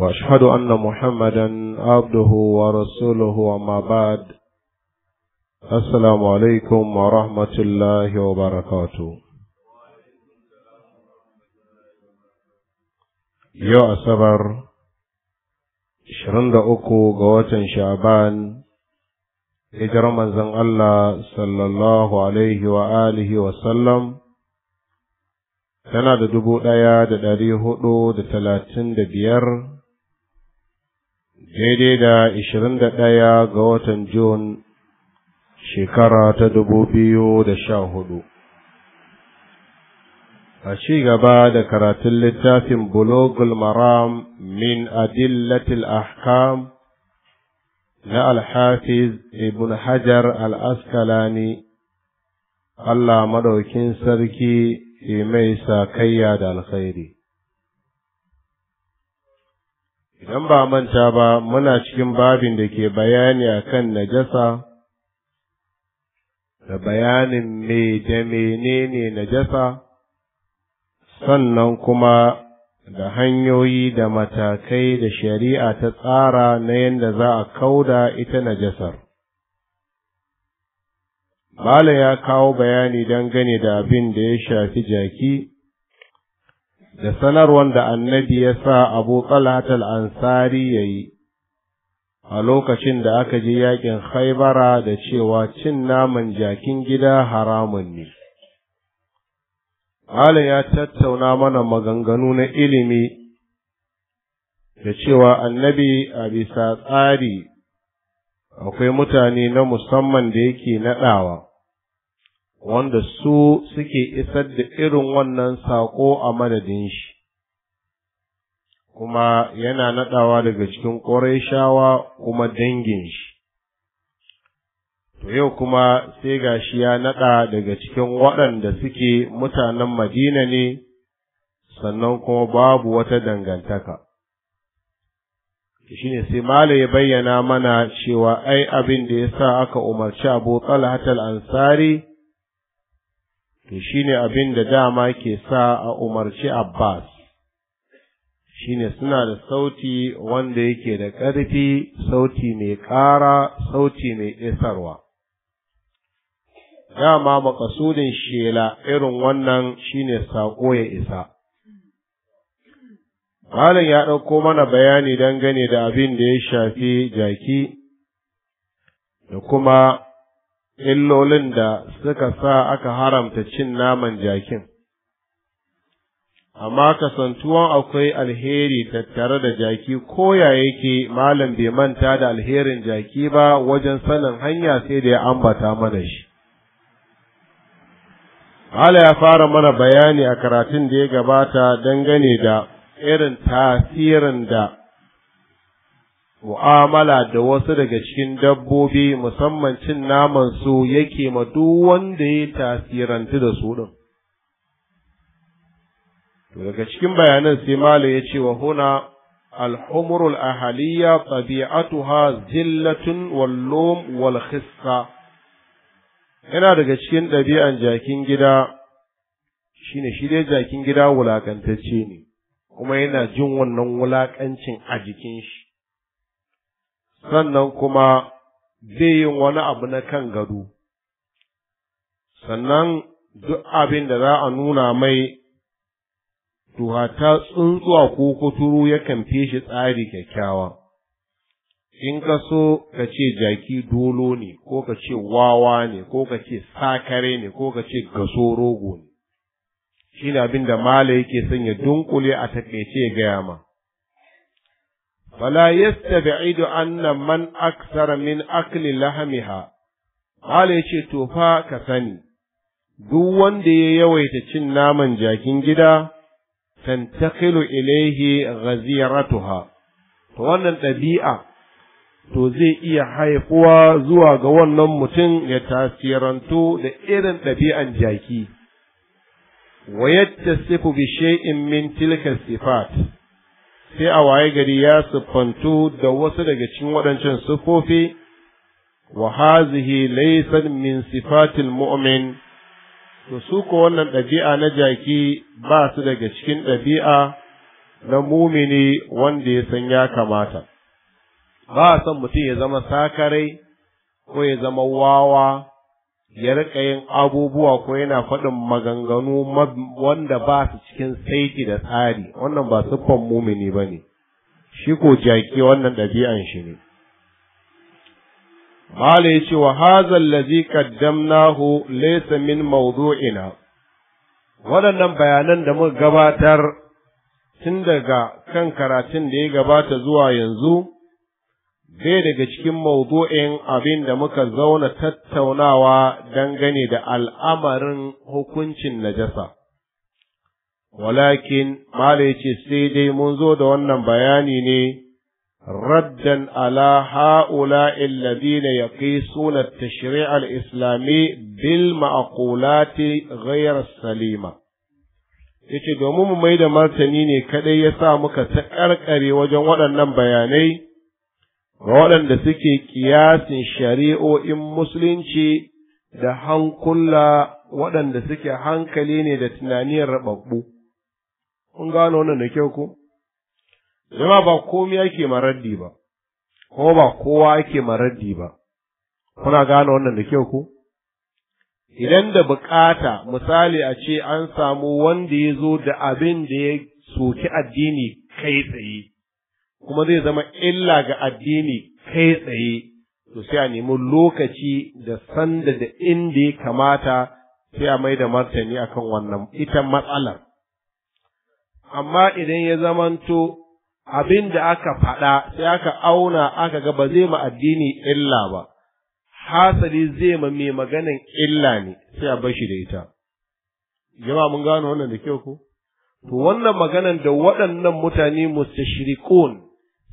واشهد ان محمدا عبده ورسوله وما بعد السلام عليكم ورحمه الله وبركاته yau asabar uku ga watan sha'ban hijirar manzon Allah sallallahu alaihi wa wa sallam tana da dubu ɗaya da ɗari hudu da talatin da biyar daidai da ishirin da ɗaya ga watan Jun shekara ta dubu biyu da sha hudu. A ci gaba da karatun littafin Bulogul Maram min Adillatil Ahkam na Alhafiz Ibn Hajar Al-Askalani, Allah Madaukin Sarki mai sakayya da alkhairi. idan ba manta ba muna cikin babin da ke bayani a akan najasa da bayanin me da menene najasa sannan kuma da hanyoyi da matakai da shari'a ta tsara na yadda za a kauda ita najasar. Bala ya kawo bayani don gane da abin da ya shafi jaki da sanarwar da annabi ya sa abu talatal ansari ya yi a lokacin da aka je yakin haibara da cewa cin naman jakin gida haramun ne. Malam ya tattauna mana maganganu na ilimi da cewa annabi a bisa tsari akwai mutane na musamman da yake naɗawa, wanda su suke isar da irin wannan saƙo a madadin shi, kuma yana naɗawa daga cikin ƙorashawa kuma dangin shi. To yau kuma sai ga shi ya naɗa daga cikin waɗanda suke mutanen Madina ne, sannan kuma babu wata dangantaka. shi ne sai Malam ya bayyana mana cewa ai abin da ya sa aka umarci Abu Talha ansari to shine abin da dama ke sa a umarci Abbas shine suna da sauti wanda yake da ƙarfi sauti mai ƙara sauti mai isarwa dama makasudin shela irin wannan shine saƙo ya isa Malam ya ɗauko mana bayani dangane da abin da ya shafi jaki da kuma illolin da suka sa aka haramta cin naman jakin, amma kasantuwan akwai alheri tattare da jaki ko ya yake malam bai manta da alherin jaki ba wajen sanin hanya sai da ya ambata mana shi. Allah ya fara mana bayani a karatun da ya gabata dangane da irin tasirin da mu'amala da wasu daga cikin dabbobi musamman cin naman su yake ma duk wanda ya tasirantu da su ɗin. To daga cikin bayanan sai Malam ya ce wa huna الحمر الأهلية zillatun زلة wal khissa Yana daga cikin ɗabi'an jakin gida shine shi dai jakin gida wulakantacce ne kuma yana jin wannan wulakancin a jikin shi sannan kuma zai yi wani abu na kan gado sannan duk abin da za a nuna mai tuhata tsuntsuwa ko kuturu yakan fi shi tsari kyakkyawa in ka so ka ce jaki dolo ne ko ka ce wawa ne ko ka ce sakare ne ko ka ce gaso rogo ne shi ne abin da mala yake sanya dunkule a takaice ya gaya ma fala yastabi'idu anna man aksara min akli lahamiha Mala ce to ka sani duk wanda ya yawaita cin naman jakin gida tantakilu ilaihi ghaziratuha to wannan ɗabi'a to zai iya haifuwa zuwa ga wannan mutum ya tasirantu da irin ɗabi'an jaki wa yattasifu bi shay'in min tilka sifat sai a waye gari ya siffantu da wasu daga cikin waɗancan siffofi wa hazihi laysan min sifatil mu'min to su ko wannan ɗabi'a na jaki ba su daga cikin ɗabi'a na mumini wanda ya san ya kamata ba a son mutum ya zama sakarai ko ya zama wawa ya rika yin abubuwa ko yana faɗin maganganu wanda ba su cikin saiti da tsari wannan ba siffan mumini ba ne shi ko jaki wannan ɗabi'an shi ne Mala ya ce wa hazan lazi kaddamnahu laysa min mawdu'ina waɗannan bayanan da muka gabatar tun daga kan karatun da ya gabata zuwa yanzu bai daga cikin maudu'in abin da muka zauna tattaunawa dangane da al'amarin hukuncin najasa. Walakin, Malai ce sai dai mun zo da wannan bayani ne, raddan ala ha'ula illazina ya kai sunar tashri'ar islami bil ma'akulati ghayar salima. Yace domin mu mai da martani ne kaɗai ya sa muka ta ƙarƙare wajen waɗannan bayanai. ga waɗanda suke kiyasin shari'o'in musulunci da hankula waɗanda suke hankali ne da tunaniyar rababbu. Kun gano wannan da kyau ko? Zama ba komi ake maraddi ba, ko ba kowa ake maraddi ba. Kuna gano wannan da kyau ko? Idan da bukata misali a ce an samu wanda ya zo da abin da ya soki addini kai tsaye. kuma zai zama illa ga addini kai tsaye to sai a nemi lokaci da sanda da inda ya kamata sai a mai da martani akan wannan ita matsalar amma idan ya zamanto abin da aka faɗa sai aka auna aka ga ba zai ma addini illa ba hasali zai ma mai maganin illa ne sai a bar shi da ita jama mun gano wannan da kyau ko to wannan maganan da waɗannan mutane mustashriqun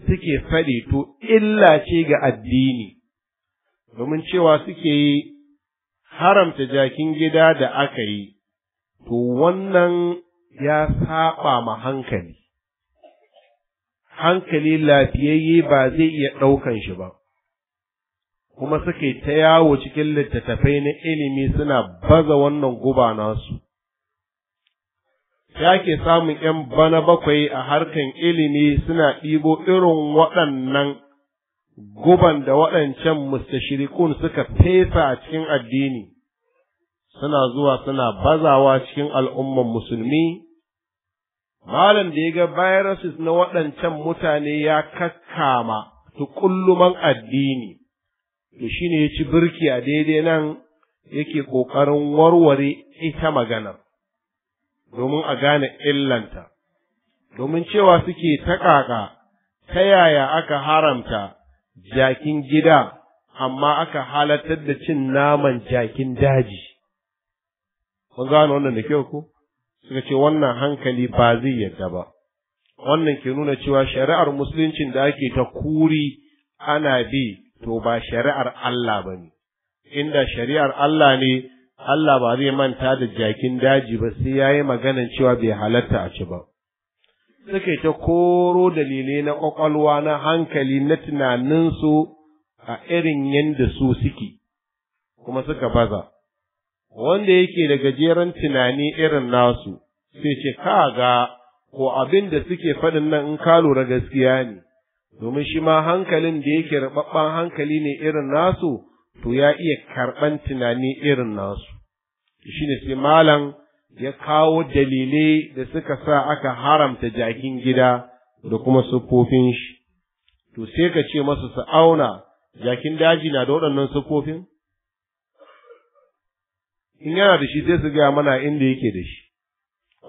suke faɗi to illa ce ga addini domin cewa suke yi haramta jakin gida da aka yi to wannan ya saba ma hankali hankali lafiyayye ba zai iya ɗaukan shi ba kuma suke ta yawo cikin littattafai na ilimi suna baza wannan guba nasu ya ke samun ‘yan bana bakwai a harkan ilimi suna ɗibo irin waɗannan guban da waɗancan mustashirikun suka fesa a cikin addini, suna zuwa suna bazawa cikin al'umman musulmi, malam da ya ga viruses na waɗancan mutane ya kakkama tukulluman addini, to shi ne ya ci birki a daidai nan yake ƙoƙarin warware ita maganar. domin a gane illanta, domin cewa suke taƙaƙa ta yaya aka haramta jakin gida amma aka halartar da cin naman jakin daji. Mun gane wannan da kyau ko? Suka ce wannan hankali ba zai yadda ba. Wannan ke nuna cewa shari'ar musuluncin da ake ta kuri ana bi to ba shari'ar Allah ba ne, inda shari'ar Allah ne Allah ba zai manta da jakin daji ba sai ya yi maganan cewa bai halarta a ci ba. Suke ta koro dalilai na ƙwaƙwalwa na hankali na tunaninsu a irin yadda su suke, kuma suka baza. Wanda yake da gajeren tunani irin nasu, sai ce ga ko abin da suke faɗin nan in ka lura gaskiya ne, domin shi ma hankalin da yake rababban hankali ne irin nasu. to ya iya karɓan tunani irin nasu shi ne sai malam ya kawo dalilai da suka sa aka haramta jakin gida da kuma siffofin shi to sai ka ce masu su auna jakin daji na da waɗannan siffofin in yana da shi sai su gaya mana inda yake da shi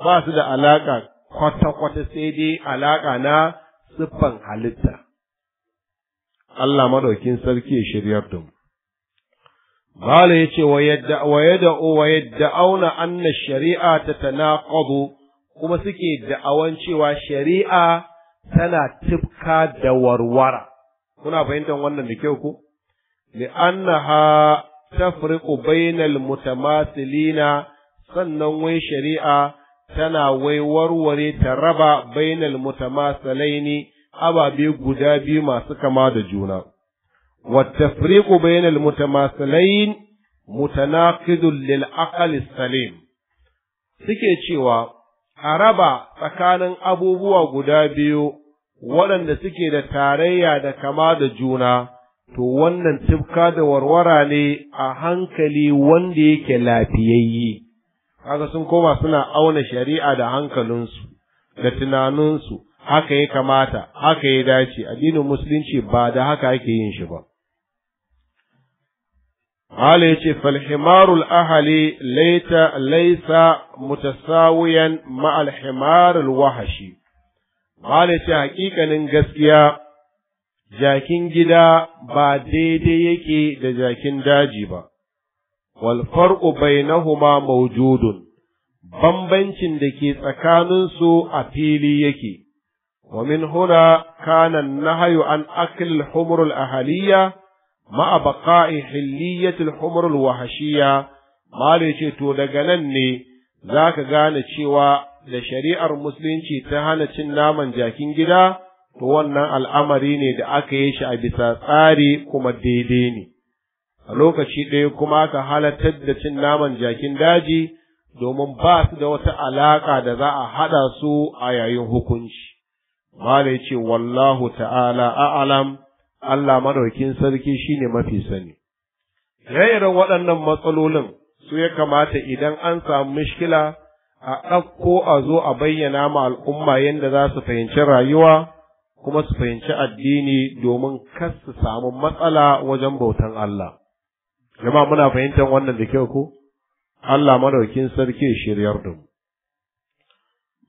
ba su da alaƙa kwata-kwata sai dai alaƙa na siffan halitta Allah maɗaukin sarki ya shiryar da mu Bala ya ce wa yadda wa yadda auna anna shari'a ta tanaqadu kuma suke da'awan cewa shari'a tana tifka da warwara. Kuna fahimtar wannan da kyau ko? Li'annaha tafriqu bainal mutamasilina sannan wai shari'a tana wai warware ta raba bainal mutamasalaini ababe guda biyu masu kama da juna. والتفريق بين المتماثلين متناقض للعقل السليم suke cewa a raba tsakanin abubuwa guda biyu waɗanda suke da tarayya da kama da juna to wannan tufka da warwara ne a hankali wanda yake lafiyayye kaga sun koma suna auna shari'a da hankalinsu da tunaninsu haka ya kamata haka ya dace addinin musulunci ba da haka ake yin shi ba Hala ya ce, Falhimarul ahali laita laisa mutasawiyan ma'al wahashi. Hala ya ce, hakikanin gaskiya, jakin gida ba daidai yake da jakin daji ba, wal far'u bainahuma maujudun? bambancin da ke tsakaninsu a fili yake, wa min huna kanan nahayu an akil humrul ahaliya ma'a baqa'i hilliyatul humr wahashiya malai ce to daga nan ne zaka gane cewa da shari'ar musulunci ta hana cin naman jakin gida to wannan al'amari ne da aka yi shi a bisa tsari kuma daidai ne a lokaci ɗaya kuma ka halartar da cin naman jakin daji domin ba su da wata alaƙa da za a haɗa su a yayin hukunci. Mala ce, Wallahu ta'ala alam. Allah madaukin sarki shine mafi sani. ire waɗannan matsalolin su ya kamata idan an samu mishkila a ɗauko a zo a bayyana ma al'umma yadda za su fahimci rayuwa kuma su fahimci addini domin kar su samu matsala wajen bautan Allah. Jama'a muna fahimtar wannan da kyau ko? Allah madaukin sarki shiryar da mu.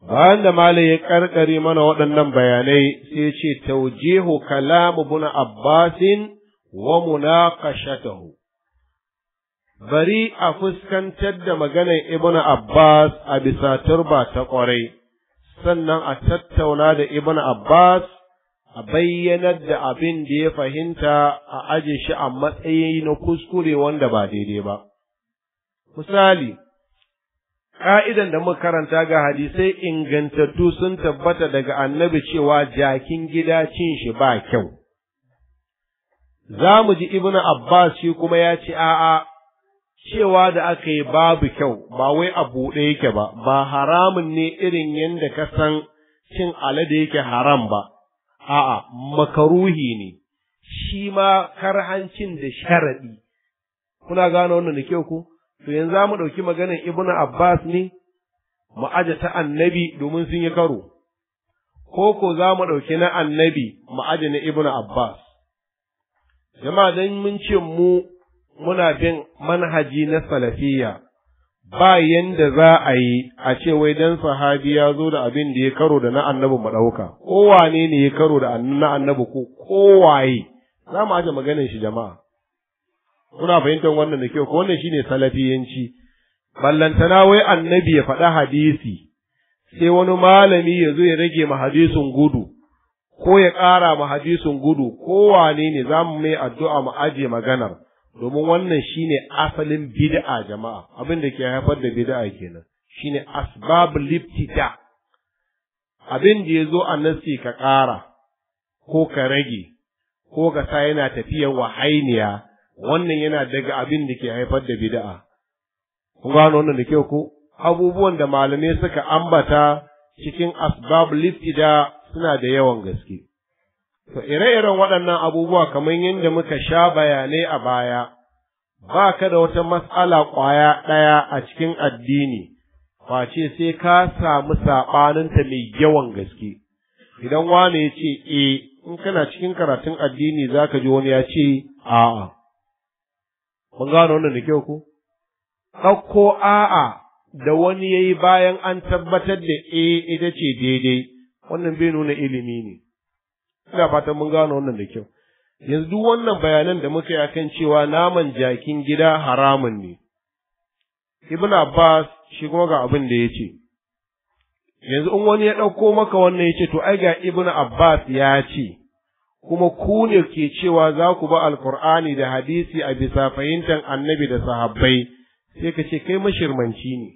bayan da mala ya karkare mana waɗannan bayanai sai ce Taujehu kalamu buna abbasin wa munaqashatuhu bari a fuskantar da maganar ibnu abbas a bisa turba ta ƙwarai sannan a tattauna da ibnu abbas a bayyanar da abin da ya fahimta a aje shi a matsayi na kuskure wanda ba daidai ba misali ka'idan da muka karanta ga hadisai ingantattu sun tabbata daga annabi cewa jakin gida cin shi ba kyau. Za mu ji Ibn Abbas shi kuma ya ce a'a cewa da aka yi babu kyau ba wai a buɗe yake ba, ba haramun ne irin yadda ka san cin alade yake haram ba, a'a makaruhi ne, shi ma karhancin da sharaɗi. Kuna gano wannan da kyau ku? to yanzu za mu ɗauki maganar ibnu abbas ne mu aje ta annabi domin sun yi karo ko ko za mu ɗauki na annabi mu aje na ibnu abbas jama'a dan mun ce mu muna bin manhaji na salafiyya ba yanda za a yi a ce wai dan sahabi ya zo da abin da ya karo da na annabi mu ɗauka kowane ne ya karo da na annabi ko kowaye za mu aje maganar shi jama'a kuna fahimtar wannan da kyau ko wannan shine salafiyanci ballantana wai annabi ya faɗa hadisi sai wani malami ya zo ya rage ma hadisin gudu ko ya ƙara ma hadisin gudu ko wane ne za mu mai addu'a mu aje maganar domin wannan shine asalin bid'a jama'a abin da ke haifar da bid'a kenan shine asbab libtida abin da ya zo a nasi ka ƙara ko ka rage ko ka sa yana tafiyar wahainiya wannan yana daga abin da ke haifar da bid'a kun gano wannan da kyau ko abubuwan da malamai suka ambata cikin asbab liftida suna da yawan gaske to ire-iren waɗannan abubuwa kamar yadda muka sha bayanai a baya ba ka da wata matsala ƙwaya ɗaya a cikin addini face sai ka samu saɓaninta mai yawan gaske idan wani ya ce e in kana cikin karatun addini za ka ji wani ya ce a'a mun gano wannan da kyau ku ɗauko a'a da wani ya yi bayan an tabbatar da e ita ce daidai wannan bai nuna ilimi ne ina fatan mun gano wannan da kyau yanzu duk wannan bayanan da muka yi akan cewa naman jakin gida haramun ne ibn abbas shi kuma ga abin da ya ce yanzu in wani ya ɗauko maka wannan ya ce to ai ga ibn abbas ya ce kuma ku ne ke cewa za ku ba alkur'ani da hadisi a bisa fahimtar annabi da sahabbai sai ka ce kai mashirmanci ne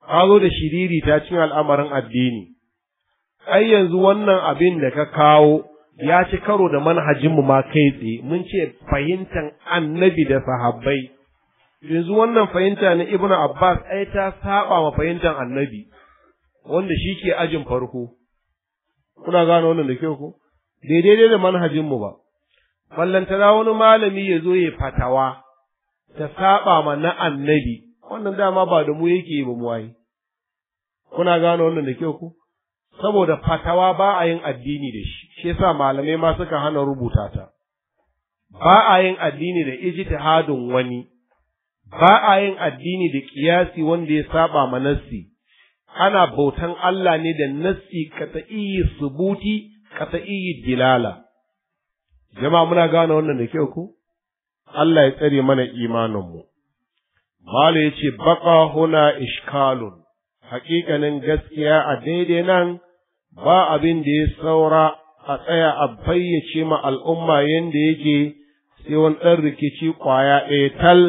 ka zo da shiriri ta cin al'amarin addini ai yanzu wannan abin da ka kawo ya ci karo da manhajinmu ma kai tsaye mun ce fahimtar annabi da sahabbai yanzu wannan fahimta na ibnu abbas ai ta saba ma fahimtar annabi wanda shi ke ajin farko kuna gane wannan da kyau ko daidai da manhajin mu ba ballantana wani malami ya zo ya fatawa ta saba ma na annabi wannan dama ba da mu yake ba mu waye kuna gane wannan da kyau ku saboda fatawa ba a yin addini da shi shi yasa malamai ma suka hana rubuta ta ba a yin addini da ijtihadin wani ba a yin addini da kiyasi wanda ya saba ma nassi ana bautan Allah ne da nassi kata'i subuti kata'i dilala jama'a muna gane wannan da kyau ko Allah ya tsare mana imaninmu mu ya ce baka huna ishkalun hakikanin gaskiya a daidai nan ba abin da ya saura a tsaya a bayyace ma al'umma yadda yake sai wani ɗan rikici ƙwaya ɗaya tal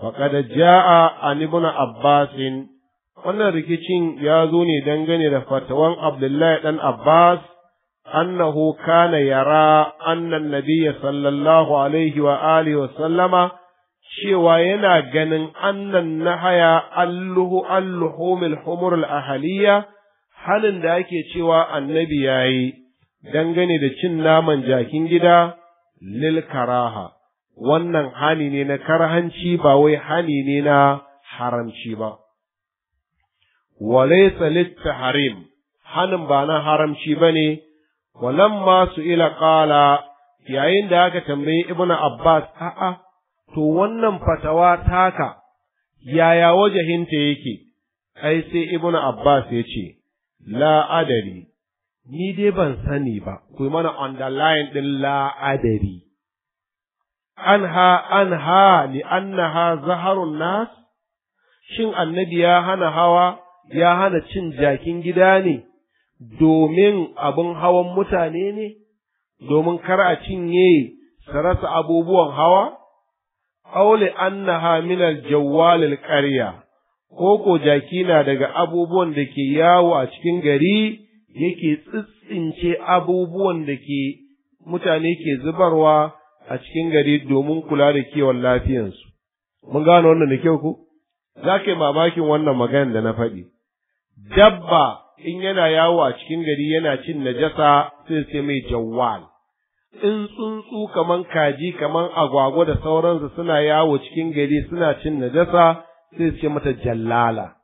faƙada ja'a an abbasin wannan rikicin ya zo ne dangane da fatawan Abdullahi ɗan Abbas, annahu kana yara annan nabiya sallallahu alaihi wa alihi sallama cewa yana ganin annan haya alluhu mil humurul ahaliya halin da ake cewa annabi ya yi dangane da cin naman jakin gida lil karaha wannan hani ne na karhanci ba wai hani ne na haramci ba. walaysa lit-tahrim hanin ba na haramci bane walamma ila qala yayin da aka tambayi ibnu abbas a'a to wannan fatawa taka yaya wajahinta yake ai sai ibn abbas ya ce la adari ni dai ban sani ba ku mana underline din la adari anha anha li annaha zaharun nas shin annabi ya hana hawa ya hana cin jakin gida ne domin abin hawan mutane ne, domin kar a cinye su rasa abubuwan hawa? Aule annaha minal karya. ƙarya, koko jaki na daga abubuwan da ke yawo a cikin gari yake tsitsince abubuwan da ke mutane ke zubarwa a cikin gari domin kula da kiwon lafiyansu. Mun gano wannan da kyau ku? Za ka yi mamakin wannan magana da na faɗi. dabba in yana yawo a cikin gari yana cin najasa sai sai mai jawwal in tsuntsu kaman kaji kaman agwagwa da sauransu suna yawo cikin gari suna cin najasa sai sai mata jallala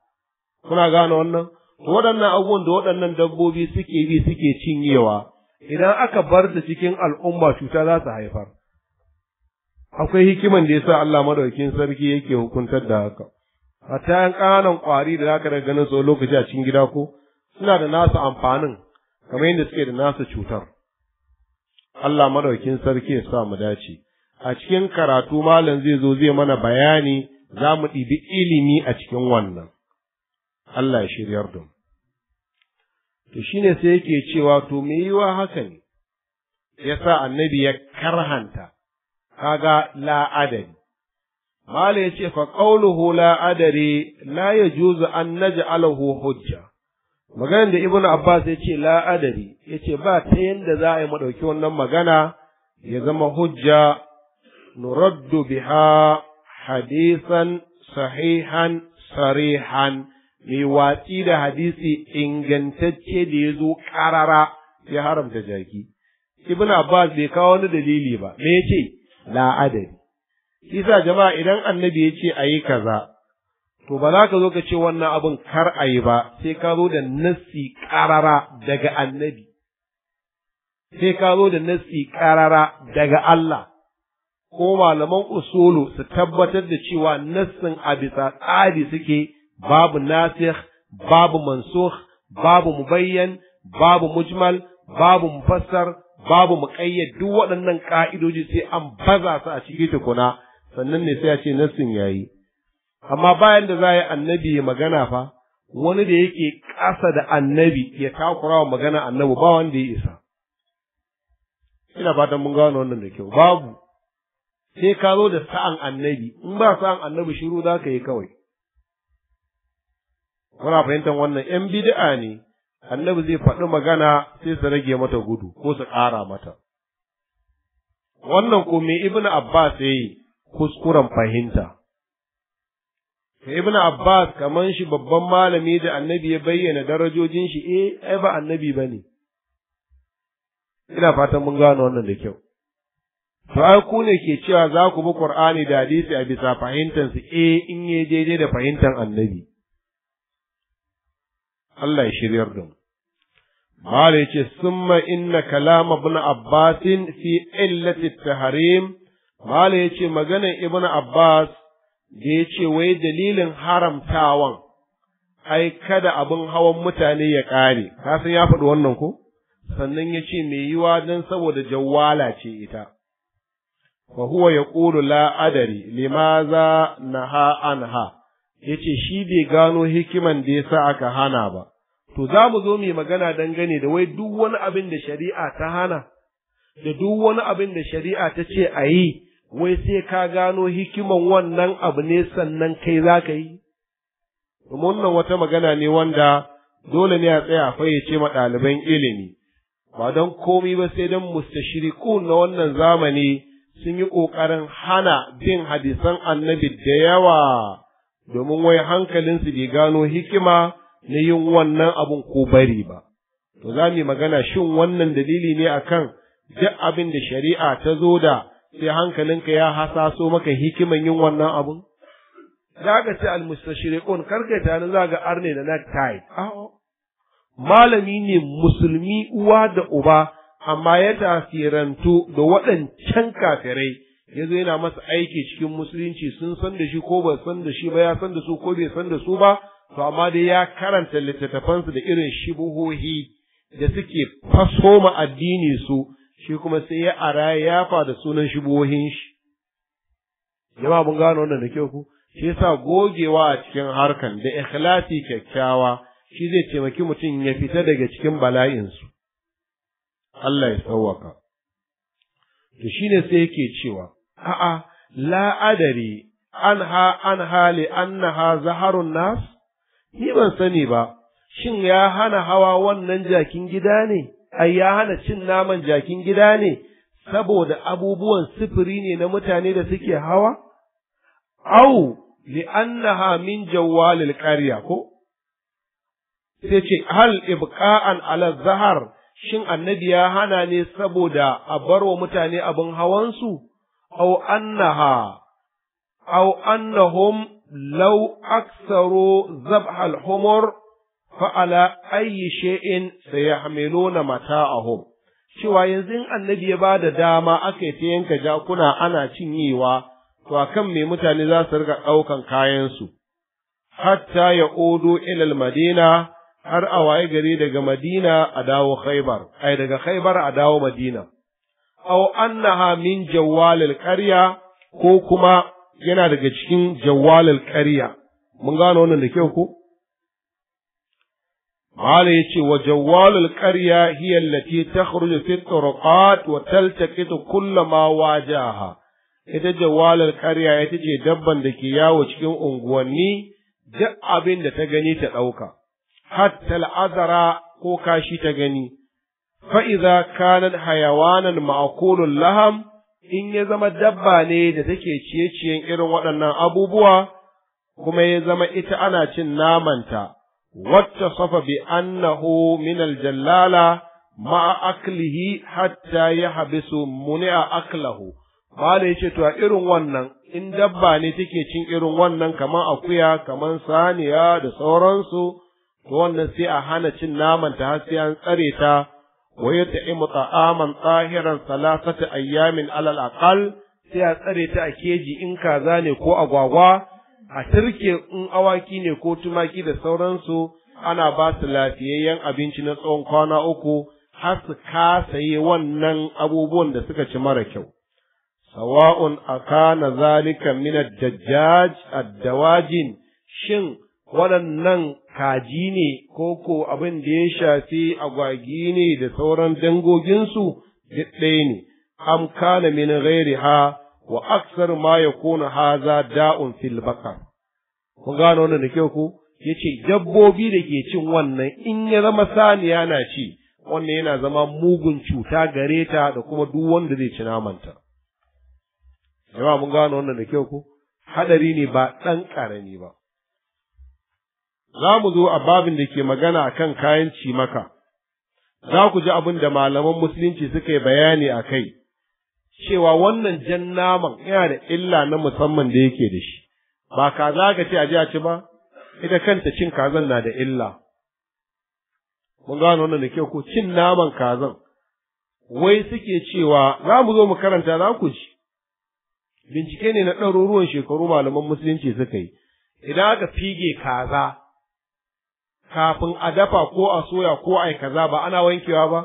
kuna gane wannan waɗannan abubuwan da waɗannan dabbobi suke bi suke cinyewa idan aka bar su cikin al'umma cuta za su haifar akwai hikiman da yasa Allah madaukakin sarki yake hukuntar da haka a ta yan ƙananan ƙwari da za ka daga ganin su lokaci a cikin gida ko suna da nasu amfanin kamar yadda suke da nasu cutar Allah madaukin sarki ya sa mu dace a cikin karatu malam zai zo zai mana bayani za mu ɗibi ilimi a cikin wannan Allah ya shiryar da To to shine sai yake cewa to me yiwa haka ne sa annabi ya karhanta kaga la'adari Mala ya ce, faƙauluhu la adari la ya juzu an naja alahu hujja. Maganar da Ibn Abbas ya ce la adari, ya ce ba ta yadda za a yi maɗauki wannan magana ya zama hujja nuraddu biha hadisan sahihan sarihan mai watsi da hadisi ingantacce da ya zo ƙarara ya haramta jaki. Ibn Abbas bai kawo wani dalili ba, me ya ce la adari. Isa jama'a idan annabi ya ce a yi kaza, to ba za ka zo ka ce wannan abin kar a yi ba, sai ka zo da nassi ƙarara daga annabi, sai ka zo da nassi ƙarara daga Allah, ko malaman usulu su tabbatar da cewa nassin a bisa tsari suke babu Nasir, babu mansukh, babu mubayyan, babu mujmal, babu mufassar, babu muƙayyad duk waɗannan ƙa'idoji sai an baza su a cikin tukuna. sannan ne sai ya ce nassin ya yi. amma bayan da za a yi annabi ya magana fa wani da yake ƙasa da annabi ya takura wa magana annabi ba wanda ya isa ina fatan mun gano wannan da kyau babu sai ka zo da sa'an annabi in ba sa'an annabi shiru za ka yi kawai muna fahimtar wannan ‘yan bid'a ne, annabi zai faɗi magana sai su rage mata gudu ko su ƙara mata. Wannan ko me Ibn Abbas ya kuskuren fahimta. Ibn Abbas kaman shi babban malami da annabi ya bayyana darajojin shi eh ai ba annabi ba ne. Ina fatan mun gano wannan da kyau. To ai ku ne ke cewa za ku bi Qur'ani da hadisi a bisa fahimtar su eh in ya daidai da fahimtar annabi. Allah ya shiryar da mu. Malai ce summa inna kalama ibn Abbasin fi illati tahrim Mala ya ce maganan Ibn Abbas da ya ce wai dalilin haramtawan, ai, kada abin hawan mutane ya ƙare, kasan ya faɗi wannan ko? Sannan ya ce mai yiwa don saboda jawwala ce ita. Wa huwa ya ƙulu la'adari, limaza na ha'anha, ya ce shi bai gano hikiman da ya sa aka hana ba. To, za mu zo mai magana dangane da wai duk wani abin da shari'a ta hana, da duk wani abin da shari'a ta ce a yi, wai sai ka gano hikiman wannan abu ne sannan kai za ka yi domin wannan wata magana ne wanda dole ne a tsaya a fayyace ma ɗaliban ilimi ba don komi ba sai don mustashiri na wannan zamani sun yi ƙoƙarin hana bin hadisan annabi da yawa domin wai hankalinsu bai gano hikima na yin wannan abun ko bari ba. To za mu yi magana shin wannan dalili ne akan duk abin da shari'a ta zo da sai hankalinka ya hasaso maka hikiman yin wannan abun za ka ce almustashriqun karka ni za ga arne da necktie malami ne musulmi uwa da uba amma ya tasirantu da waɗancan kafirai ya zo yana masa aiki cikin musulunci sun san da shi ko ba san da shi ba ya san da su ko bai san da su ba to amma dai ya karanta littattafansu da irin shibuhohi da suke faso ma addini su shi kuma sai ya ara ya da sunan shubuhohin shi jama'a mun gano wannan da kyau ku shi yasa gogewa a cikin harkan da ikhlasi kyakkyawa shi zai taimaki mutum ya fita daga cikin bala'insu Allah ya sauwaka. to shine sai yake cewa a'a la adari an anha li annaha zaharun nas ni ban sani ba shin ya hana hawa wannan jakin gida ne ai ya hana cin naman jakin gida ne saboda abubuwan sifiri ne na mutane da suke hawa? Au, annaha min jawwalil ƙarya ko? Sai ce, hal ibqa'an ala zahar shin annabi ya hana ne saboda a barwa mutane abin hawansu? Au annaha, au annahum law aksaro zabhal humor fa'ala ayyi mata a mata'ahum cewa yanzu in annabi ya bada dama aka ta yanka jakuna ana cinyewa to akan me mutane za su riga ɗaukan kayansu hatta ya odo ilal madina har a waye gari daga madina a dawo khaibar ai daga khaibar a dawo madina Au annaha min jawwalil qarya ko kuma yana daga cikin jawwalil ƙarya mun gano wannan da kyau ko Mala ya ce wa jawwalul ƙarya hiya allati takhruju fi turqat wa taltaqitu kullama wajaha ita jawwalul karya ita ce dabban da ke yawo cikin unguwanni duk abin da ta gani ta ɗauka hatta al'azara ko kashi ta gani fa idza kanat hayawanan ma'kulul laham in ya zama dabba ne da take ciye-ciyen irin waɗannan abubuwa kuma ya zama ita ana cin namanta واتصف بأنه من الجلالة مع hatta حتى يحبس منع أكله Bala ya ce, To, a irin wannan, in dabba ne take cin irin wannan kamar akuya, kamar saniya da sauransu, to wannan sai a hana cin naman ta har sai an tsare ta, wa ya aman ta'aman tsahiran salasata ayyamin alal aqal sai a tsare ta a keji in kaza ne ko agwagwa, a turke in awaki ne ko tumaki da sauransu ana ba su lafiyayyen abinci na tsawon kwana uku har su kasa yi wannan abubuwan da suka ci mara kyau. Sawa'un a kana zalika minar dajjaj addawajin shin waɗannan kaji ne ko ko abin da ya shafi agwagi ne da sauran dangoginsu duk ɗaya ne, am kana min gairi ha wa aksar ma ya kona haza da'un fil bakar kun gano wannan da kyau ko yace dabbobi da ke cin wannan in ya zama saniya na ci wannan yana zama mugun cuta gare ta da kuma duk wanda zai ci namanta jama'a mun gano wannan da kyau ko hadari ne ba dan karami ba za mu zo a babin da ke magana akan kayan cimaka za ku ji abin da malaman musulunci suka yi bayani a kai cewa wannan jan naman yana da illa na musamman da yake da shi ba kaza ka ce a ji a ci ba ita kanta cin kazan na da illa mun gano wannan da kyau ko cin naman kazan wai suke cewa za mu zo mu karanta za ku ci bincike ne na ɗaruruwan shekaru malaman musulunci suka yi idan aka fige kaza kafin a dafa ko a soya ko a yi kaza ba ana wankewa ba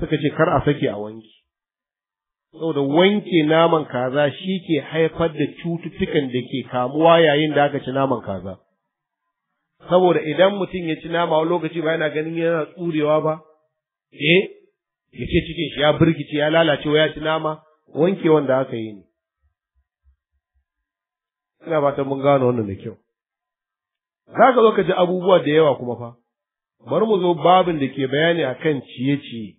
suka ce kar a sake a wanke saboda wanke naman kaza shi ke haifar da cututtukan da ke kamuwa yayin da aka ci naman kaza saboda idan mutum ya ci nama wani lokaci ba yana ganin yana tsurewa ba eh ya ce cikin shi ya birkice ya lalace ya ci nama wanke wanda aka yi ne ina ba ta mun gano wannan da kyau za ka zo ka ji abubuwa da yawa kuma fa bari mu zo babin da ke bayani akan ciye-ciye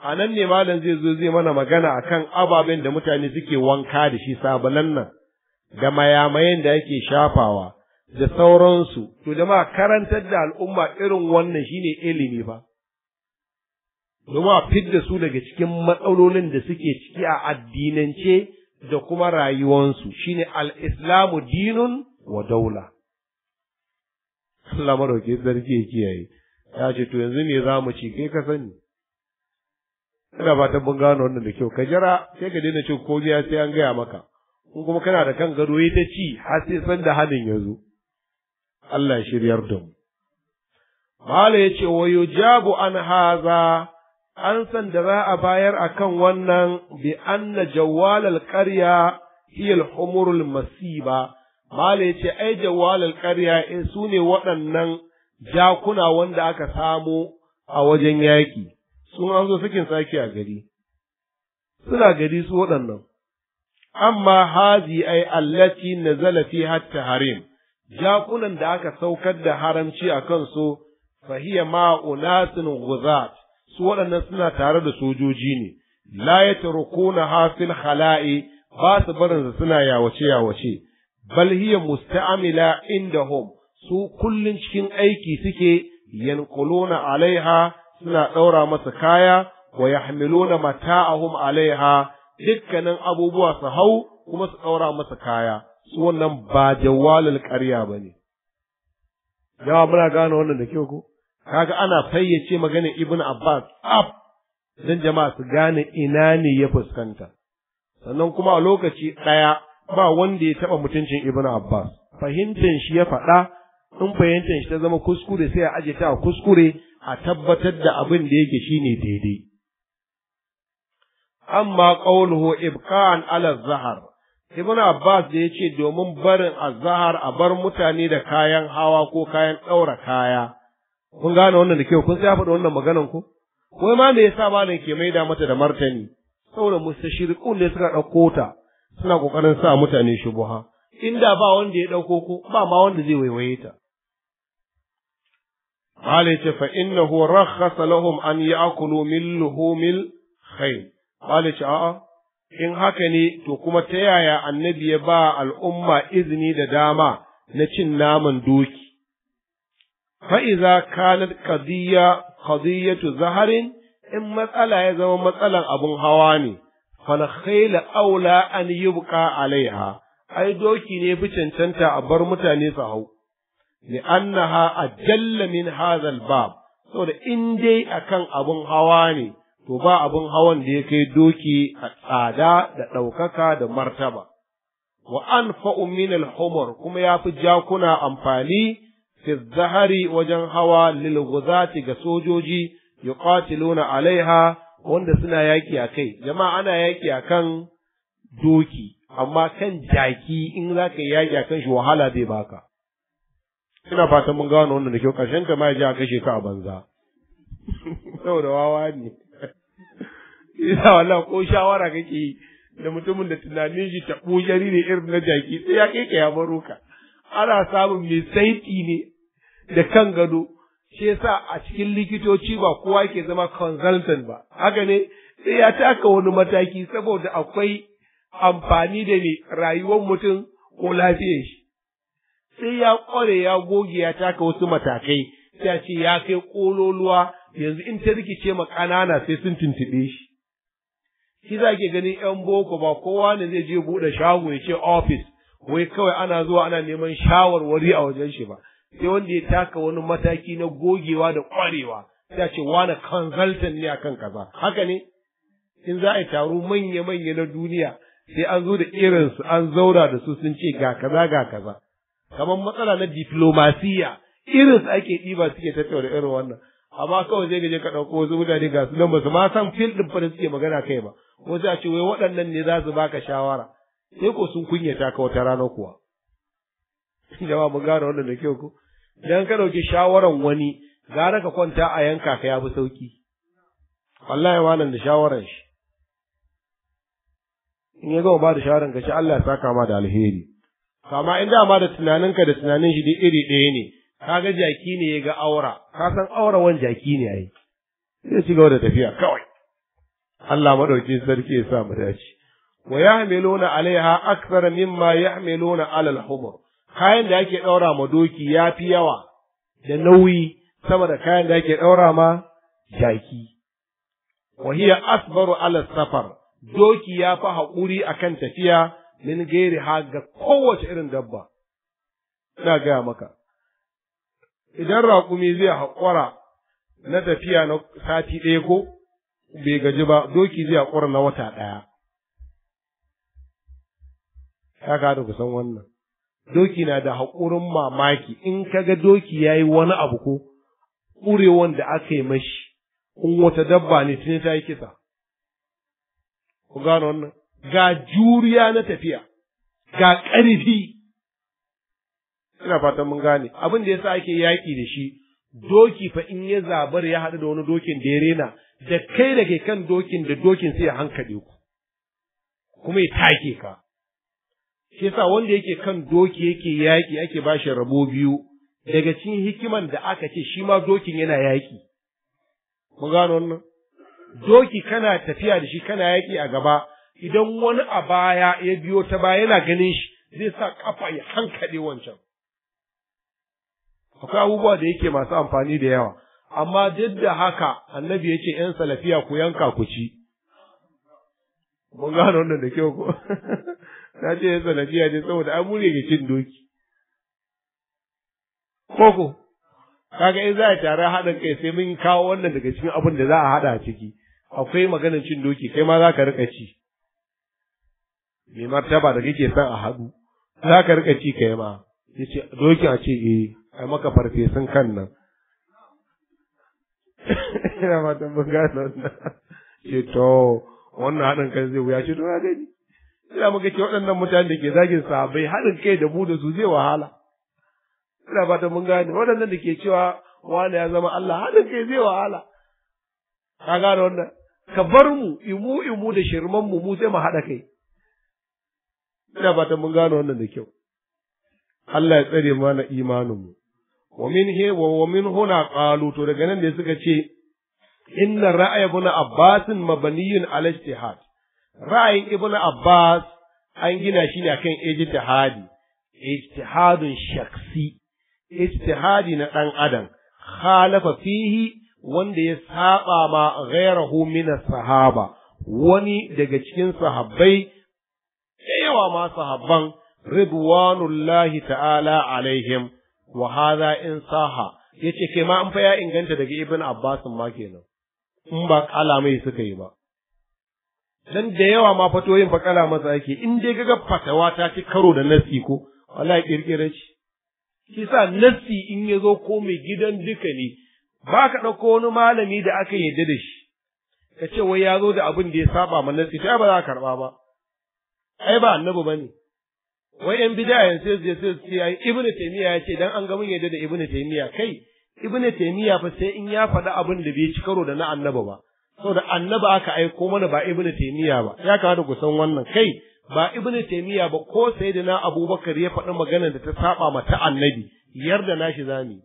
a nan ne malam zai zo zai mana magana a kan ababen da mutane suke wanka da shi sabalan nan da mayamayen da yake shafawa da sauransu to ma karantar da al'umma irin wannan shine ilimi ba domin a fidda su daga cikin matsalolin da suke ciki a addinance da kuma rayuwansu shine al-islamu dinun wa daula Allah marauke zargi ya kiyaye ya ce to yanzu ne za mu ci kai ka sani ina fatan mun gano wannan da kyau ka jira sai ka daina cin komai sai an gaya maka in kuma kana da kan gado yi ta ci har sai san da halin ya zo Allah ya shiryar da mu Mala ya ce wa yujabu an haza an san da za a bayar akan wannan bi anna jawwalal qarya hiya al al masiba Mala ya ce ai jawwalal qarya in sune waɗannan jakuna wanda aka samu a wajen yaƙi sun an zo sakin saki a gari suna gari su waɗannan amma hazi ai allati nazala fi hatta harim jakunan da aka saukar da haramci a kansu fahiya ma unasin ghuzat su waɗannan suna tare da sojoji ne la yatrukuna hasil khala'i ba su barin suna yawace yawace bal hiya musta'mila hom su kullun cikin aiki suke yankulona alaiha suna ɗaura masa kaya wa mata a hum alaiha dukkanin abubuwa su hau kuma su ɗaura masa kaya su wannan ba jawalin ƙarya ba ne. Yawa muna gane wannan da kyau ko? ga ana fayyace maganin Ibn Abbas ab don jama'a su gane ina ne ya fuskanta. Sannan kuma a lokaci ɗaya ba wanda ya taɓa mutuncin Ibn Abbas. Fahimtar shi ya faɗa in fahimtar shi ta zama kuskure sai a ajiye ta a kuskure a tabbatar da abin da yake ne daidai amma qawluhu ibkan alal zahar ibn abbas da ya ce domin barin zahar a bar mutane da kayan hawa ko kayan ɗaura kaya kun gane wannan da kyau kun sai faɗa wannan maganan ku wai ma me yasa malam ke mai da mata da martani saboda mustashriqun ne suka ɗauko ta suna ƙoƙarin sa mutane shubuha inda ba wanda ya ɗauko ko ba ma wanda zai waiwaye ta Mala ce fa inna hu rakhasa lahum an ya'kulu min luhumil khayl. Mala in haka ne to kuma ta yaya annabi ya ba al'umma izini da dama na cin naman doki. Fa'iza kanat qadiyya zaharin in matsala ya zama matsalan abun hawa ne, fal khayla aula an yubqa alaiha. Ai doki ne fi cancanta a bar mutane su hau. li'annaha ajalla min hadha al-bab saboda in dai akan abun hawa ne to ba abun hawan da ya kai doki a tsada da ɗaukaka da martaba wa anfa'u min al-humar kuma yafi jakuna amfani fi zahari wajen hawa lil guzati ga sojoji ya yuqatiluna alaiha wanda suna yaki a kai jama'a ana yaki kan doki amma kan jaki in zaka yaki kan shi wahala zai baka ina fatan mun gano wannan da kyau ƙarshen ka ma ya je a kashe ka a banza saboda wawa ne isa wala ko shawara kake yi da mutumin da tunanin shi ta jari ne irin na jaki sai ya kai ka ya baro ka ana samun mai saiti ne da kan gado shi yasa a cikin likitoci ba kowa ke zama consultant ba haka ne sai ya taka wani mataki saboda akwai amfani da ne rayuwar mutum ko lafiyar shi sai ya ƙware ya goge ya taka wasu matakai sai ce ya kai ƙololuwa yanzu in ta rikice ma ƙanana sai sun tuntuɓe shi shi za ke ganin ‘yan boko ba kowa ne zai je buɗe shago ya ce ofis wai kawai ana zuwa ana neman shawarwari a wajen shi ba sai wanda ya taka wani mataki na gogewa da ƙwarewa sai ce wani consultant ne akan kaza haka ne in za a yi taro manya-manya na duniya sai an zo da irinsu an zaura da su sun ce ga kaza ga kaza kamar matsala na diplomasiya irin su ake ɗiba suke tattauna irin wannan amma kawai zai gaje ka ɗauko wasu mutane ga su nan ba su ma san fil ɗin fa suke magana kai ba wasu a ce wai waɗannan ne za su baka shawara sai ko sun kunyata ka wata rana kuwa jama mun gane wannan da kyau ko dan ka ɗauki shawaran wani gara ka kwanta a yanka ka ya bi sauki wallahi nan da shawaran shi in ya gama ba da shawaran ka shi Allah ya saka ma da alheri kama in dama da tunaninka da tunanin shi iri ɗaya ne kaga jaki ne ya ga aura ka san aura wani jaki ne ai zai ci gaba da tafiya kawai Allah madauki sarki ya sa mu dace wa yahmiluna alaiha akthar mimma yahmiluna ala al-humur kayan da ake daura ma doki yafi yawa da nauyi sama da kayan da ake daura ma jaki wa hiya asbaru ala safar doki ya fi haƙuri akan tafiya min gairi ha ga kowace irin dabba ina gaya maka idan raƙumi zai haƙura na tafiya na sati ɗaya ko bai gaji ba doki zai haƙura na wata ɗaya ya kada ku san wannan doki na da haƙurin mamaki in ka ga doki ya yi wani abu ko ƙurewan da aka yi mashi in wata dabba ne tuni ta yi kisa ku gano wannan ga juriya na tafiya ga ƙarfi ina fatan mun gane abin da yasa ake yaƙi da shi doki fa in ya zabar ya haɗu da wani dokin da ya rena da kai da kai kan dokin da dokin sai ya hankali ku kuma ya take ka shi yasa wanda yake kan doki yake yaƙi ake ba shi rabo biyu daga cikin hikiman da aka ce shi ma dokin yana yaƙi mun gano wannan doki kana tafiya da shi kana yaƙi a gaba idan wani a baya ya biyo ta baya yana ganin shi zai sa kafa ya hankali wancan akwai abubuwa da yake masu amfani da yawa amma duk da haka annabi ya ce ‘yan salafiya ku yanka ku ci mun gano wannan da kyau ko na ce ‘yan salafiya ne saboda an mure ga cin doki koko kaga in za a tare haɗin kai sai mun kawo wannan daga cikin abin da za a haɗa ciki akwai maganar cin doki kai ma za ka riƙa ci mai martaba da kake son a haɗu za ka rika ci yi ma ya ce dokin a ce eh a maka farfesun kan nan ina fatan mun gano ce to wannan haɗin kan zai wuya ce to ya gani ina muka ce waɗannan mutane da ke zagin sahabbai haɗin kai da mu da su zai wahala ina fata mun gane waɗannan da ke cewa wani ya zama Allah haɗin kai zai wahala ka gane wannan ka bar mu imu imu da shirman mu mu sai mu haɗa kai ina fatan mun gano wannan da kyau Allah ya tsare mana imaninmu wa min he wa min huna qalu to daga nan da suka ce inna ra'ay ibn abbas mabniyun ala ijtihad ra'ayin ibn abbas an gina shi ne akan ijtihadi ijtihadun shaksi ijtihadi na dan adam khalafa fihi wanda ya saba ma ghairahu min sahaba wani daga cikin sahabbai da yawa ma sahabban ridwanullahi ta'ala alaihim wa hadha in saha yace ke ma an fa ya inganta daga ibn abbas ma kenan in ba kala mai suka yi ba dan da yawa ma fatoyin fa kala masa ake in dai kaga fatawa ta ci karo da nasi ko wallahi kirkire shi kisa nasi in ya zo ko mai gidan duka ne ba ka ɗauko wani malami da aka yarda da shi ka ce wai ya zo da abin da ya saba ma nasi ta ba za ka karɓa ba ai ba annabi bane wai yan bid'a yan sai je sai ce ai ibnu taymiya ya ce dan an ga mun yadda da ibnu taymiya kai ibnu taymiya fa sai in ya faɗi abin da bai ci karo da na annabi ba saboda annabi aka aiko mana ba ibnu taymiya ba ya kamata ku san wannan kai ba ibnu taymiya ba ko sai da na abubakar ya faɗi maganar da ta saba ma ta annabi yarda nashi zami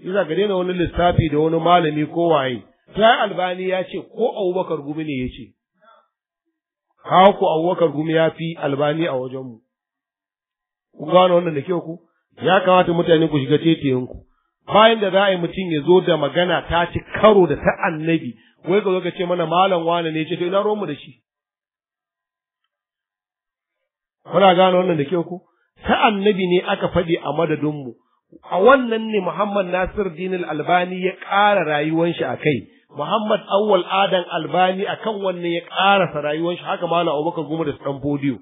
Iza gare daina wani lissafi da wani malami ko waye, sai albani ya ce ko abubakar gumi ne ya ce, haku abubakar gumi ya fi albani a wajenmu ku gano wannan da kyau ku ya kamata mutane ku shiga tetiyanku bayan da za a yi mutum ya zo da magana ta ci karo da ta annabi wai ka zo ka ce mana malam wane ne ce to ina romu da shi kuna gano wannan da kyau ku ta annabi ne aka faɗi a madadinmu a wannan ne Muhammad Nasir Dinil Albani ya ƙara rayuwan shi a kai Muhammad Awwal adam Albani a kan wannan ya ƙarasa rayuwar shi haka Malam Abubakar Goma da Stan Fodiyo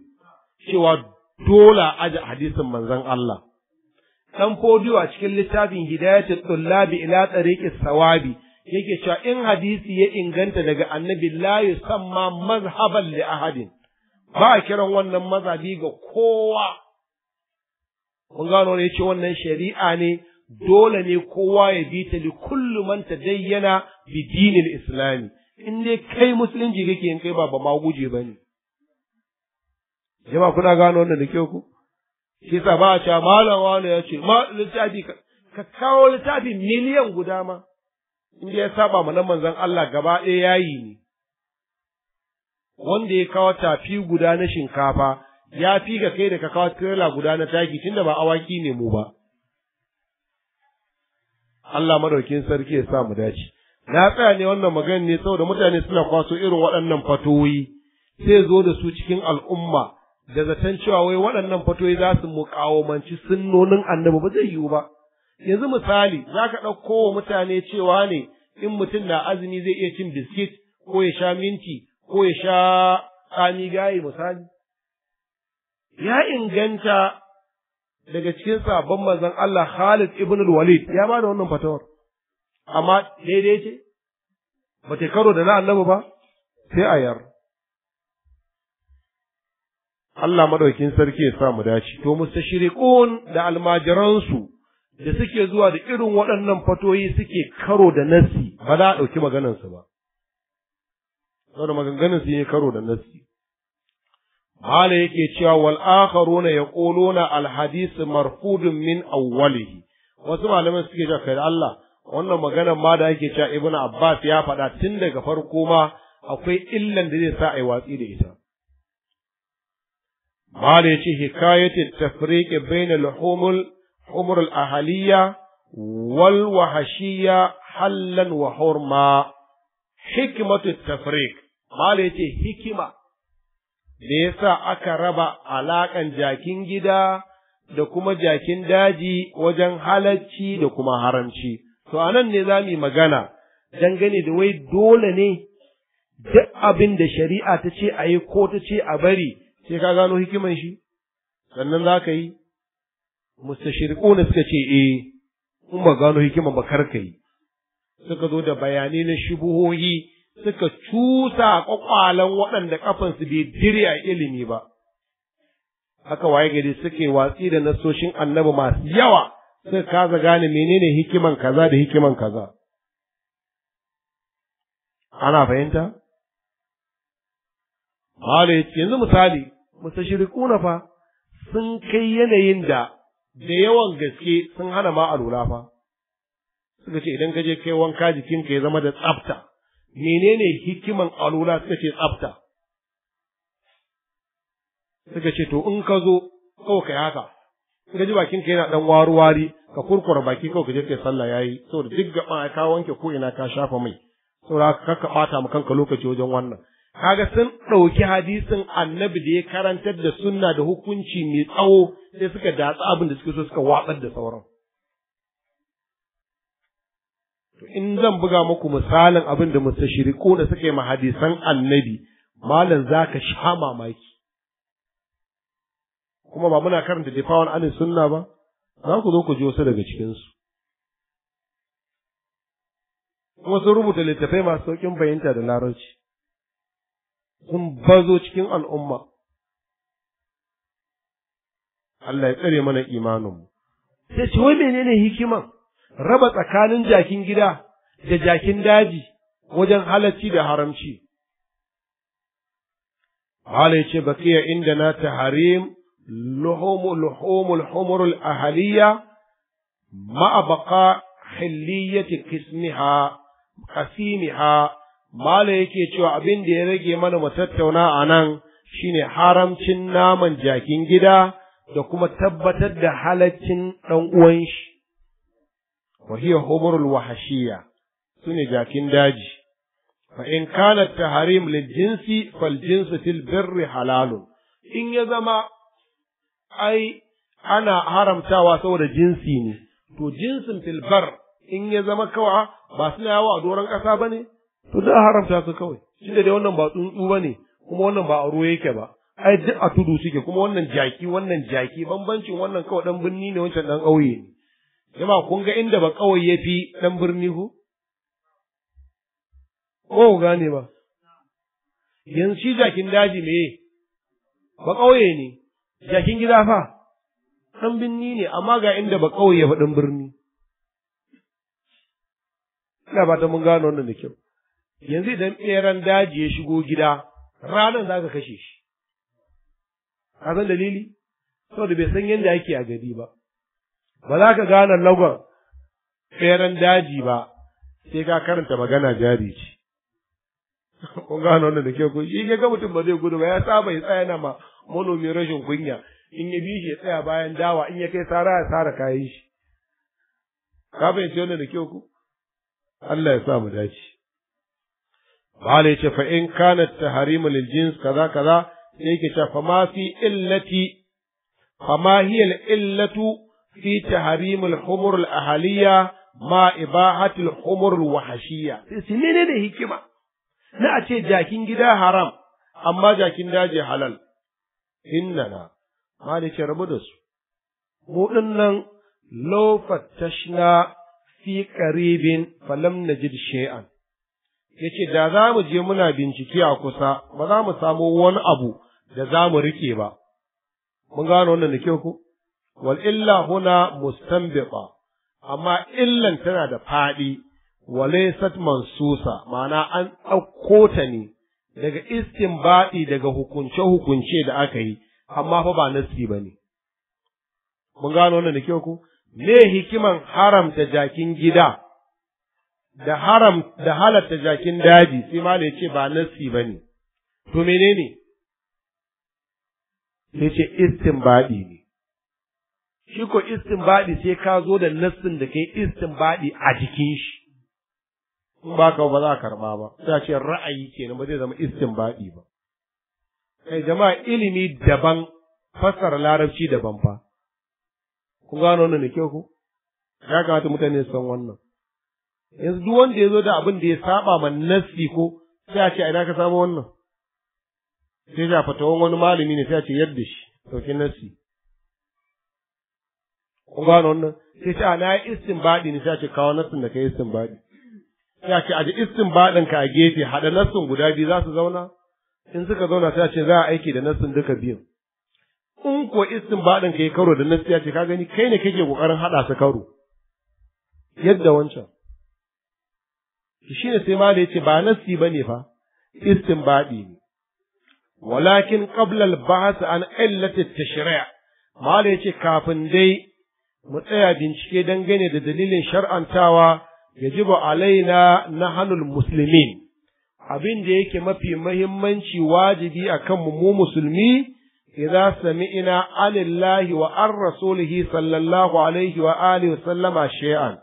cewa dole aje hadisin manzon Allah. ɗan Fodiyo a cikin littafin Hidayatul Tullabi ila Tariqis Sawabi yake cewa in hadisi ya inganta daga Annabi la yusamma mazhaban li ahadin ba a kiran wannan mazhabi ga kowa. Kun gano ne ce wannan shari'a ne Mhm. dole ne kowa ya bi ta li kullu man tadayyana bi dinil islami in dai kai musulunci kake in kai ba ba ma guje bane jama'a kuna gano wannan da kyau ku shi sa ba a cewa malam wani ya ce ma litafi ka kawo litafi miliyan guda ma in dai ya saba ma nan manzon Allah gaba ɗaya yayi ne wanda ya kawo tafi guda na shinkafa ya fi ga kai da ka kawo tirela guda na taki tunda ba awaki ne mu ba Allah madaukin sarki ya sa mu dace na tsaya ne wannan magana ne saboda mutane suna kwaso irin waɗannan fatoyi sai zo da su cikin al'umma da zaton cewa wai waɗannan fatoyi za su muƙawamanci sunnonin annabi ba zai yiwu ba yanzu misali za ka ɗauko wa mutane cewa ne in mutum na azumi zai iya cin biskit ko ya sha minti ko ya sha tsami gayi misali ya inganta daga cikin sabon manzon Allah Khalid ibn al-Walid ya ba da wannan fatawar amma daidai ce ba ta karo da na annabi ba sai a yar Allah madaukin sarki ya sa mu dace to mustashriqun da almajiransu da suke zuwa da irin waɗannan fatoyi suke karo da nasi ba za a ɗauki maganansu ba saboda maganganun su yi karo da nasi hala yake cewa wal ya yaquluna na hadith marfudun min awwalihi wasu malaman suke cewa kai Allah wannan magana ma da yake cewa ibn Abbas ya faɗa tun daga farko ma akwai illan da zai sa ai watsi da ita hala yace hikayatu tafriq bayna al humul umur al ahaliya wal wahashiyya hallan wa hurma hikmatu tafriq hala yace hikima da ya sa aka raba alaƙan jakin gida da kuma jakin daji wajen halarci da kuma haramci. To a nan ne za mu yi magana gani da wai dole ne duk abin da shari'a ta ce a yi ko ta ce a bari sai ka gano hikiman shi, sannan za ka yi. Mustashirku na suka ce eh, in ba gano hikiman ba kar ka yi. Suka zo da bayanai na shubuhohi suka cusa ƙwaƙwalen waɗanda ƙafansu bai dire a ilimi ba. Haka waye gari suke watsi da nasoshin annabi masu yawa suka kaza gane menene hikiman kaza da hikiman kaza. Ana fahimta? Malu yanzu misali, mustashirikuna fa sun kai yanayin da da yawan gaske sun hana ma alula fa. Suka ce idan ka je kai wanka jikinka ya zama da tsafta. menene hikiman alula suka ce tsafta suka ce to in ka zo kawai ka haka in ji bakin ka yana dan waru wari ka kurkura baki kawai ka je kai sallah yayi saboda duk gaba ka wanke ko ina ka shafa mai saboda ka ka bata ma kanka lokaci wajen wannan kaga sun ɗauki hadisin annabi da ya karantar da sunna da hukunci mai tsawo sai suka datsa abin da suke so suka watsar da sauran To in zan buga muku misalin abin da mustashriku da suke mahadisan annabi malam zaka sha mamaki kuma ba muna karanta difawan anin sunna ba za ku zo ku ji wasu daga cikinsu kuma sun rubuta littattafai masu sauƙin fahimta da larabci sun bazo cikin al'umma Allah ya tsare mana imaninmu sai ce wai menene hikiman raba tsakanin jakin gida da jakin daji wajen halacci da haramci. Hala ce bakiya inda na ta harim luhumul humurul ahaliya ma'abaka hilliyyati kismiha kasimiha Mala yake cewa abin da ya rage mana mu tattauna a nan shine haramcin naman jakin gida da kuma tabbatar da halaccin ɗan uwan shi. wa hiya huburul wahashiya sune jakin daji fa in kana taharim lil jinsi fal jinsu fil birri halalun in ya zama ai ana haramtawa saboda jinsi ne to jinsin fil bar in ya zama kawa ba suna yawo a doron ƙasa ba ne to da haramta su kawai tunda dai wannan ba tsuntsu ba ne kuma wannan ba a ruwa yake ba ai duk a tudu suke kuma wannan jaki wannan jaki bambancin wannan kawai dan binni ne wancan dan ƙauye ne Jama kun ga inda ba kawai ya fi ɗan birni ku? Ko gane ba. Yanzu shi jakin daji me ba ƙauye ne, jakin gida fa, ɗan birni ne, amma ga inda ba ƙauye ba ɗan birni. Ina ba ta mun gano wannan da kyau. Yanzu idan ɓeran daji ya shigo gida, ranar za ka kashe shi. Ka san dalili? Saboda bai san yadda ake a gari ba. ba za ka gane lagon feren daji ba sai ka karanta magana jari ce kun gano wannan da ke ku ke ga mutum ba zai gudu ba ya saba ya tsaya na ma rashin kunya in ya bi shi ya tsaya bayan dawa in ya kai sara ya sara kayan shi ka fahimci wannan da ke ku Allah ya sa mu dace bala ce fa in kana tahrimu lil jins kaza kaza sai ke ce fa ma fi illati fa ma hiya illatu fi tahrimil humur al ahaliya ma ibahatil humur al wahashiya sai menene hikima Na'a ce jakin gida haram amma jakin daji halal innana ma da rabu da su mu dinnan law fattashna fi qaribin falam najid shay'an yace da za mu je muna bincike a kusa ba za mu samo wani abu da za mu rike ba mun gano wannan da kyau ko Wal'illa illa huna mustanbita amma illan tana da faɗi walaysat mansusa ma'ana an ɗauko ta ne daga iskin baɗi daga hukunce hukunce da aka yi amma fa ba nasi bane mun gano wannan da kyau ku me hikiman haramta jakin gida da haram da halatta jakin daji sai ma ya ce ba nassi ba ne, to menene? Ya ce baɗi ne, shi ko istinbadi sai ka zo da nassin da kai istinbadi a jikin shi in ba ka ba za a karba ba a ce ra'ayi kenan ba zai zama istinbadi ba kai eh, jama'a ilimi daban fassara larabci daban fa Ku gano wannan da kyau ko ya kamata mutane su san wannan yanzu duk wanda ya zo da abin da ya saba ma nassi ko sai a ce a ina ka samu wannan sai ya fatawan wani malami ne sai a ce yadda shi sauki nassi kun gano wannan sai ce a na yi baɗi ne sai ce kawo nassin da ka yi istin baɗi. sai ce a ji baɗin ka a gefe haɗa nassin guda biyu za su zauna in suka zauna sai ce za a aiki da nassin duka biyun in ko baɗin ka yi karo da nassi ya ce ka gani kai ne kake ƙoƙarin haɗa su karo yadda wancan shi ne sai malai ce ba nassi ba ne fa Istin baɗi ne walakin qabla ba bath an illati at-tashri' malai ce kafin dai mu tsaya bincike dangane da dalilin shar'antawa ya jiba alaina na hannun musulmin abin da yake mafi mahimmanci wajibi a kanmu mu musulmi sami ina, alillahi wa an rasulihi sallallahu alaihi wa alihi sallama shay'an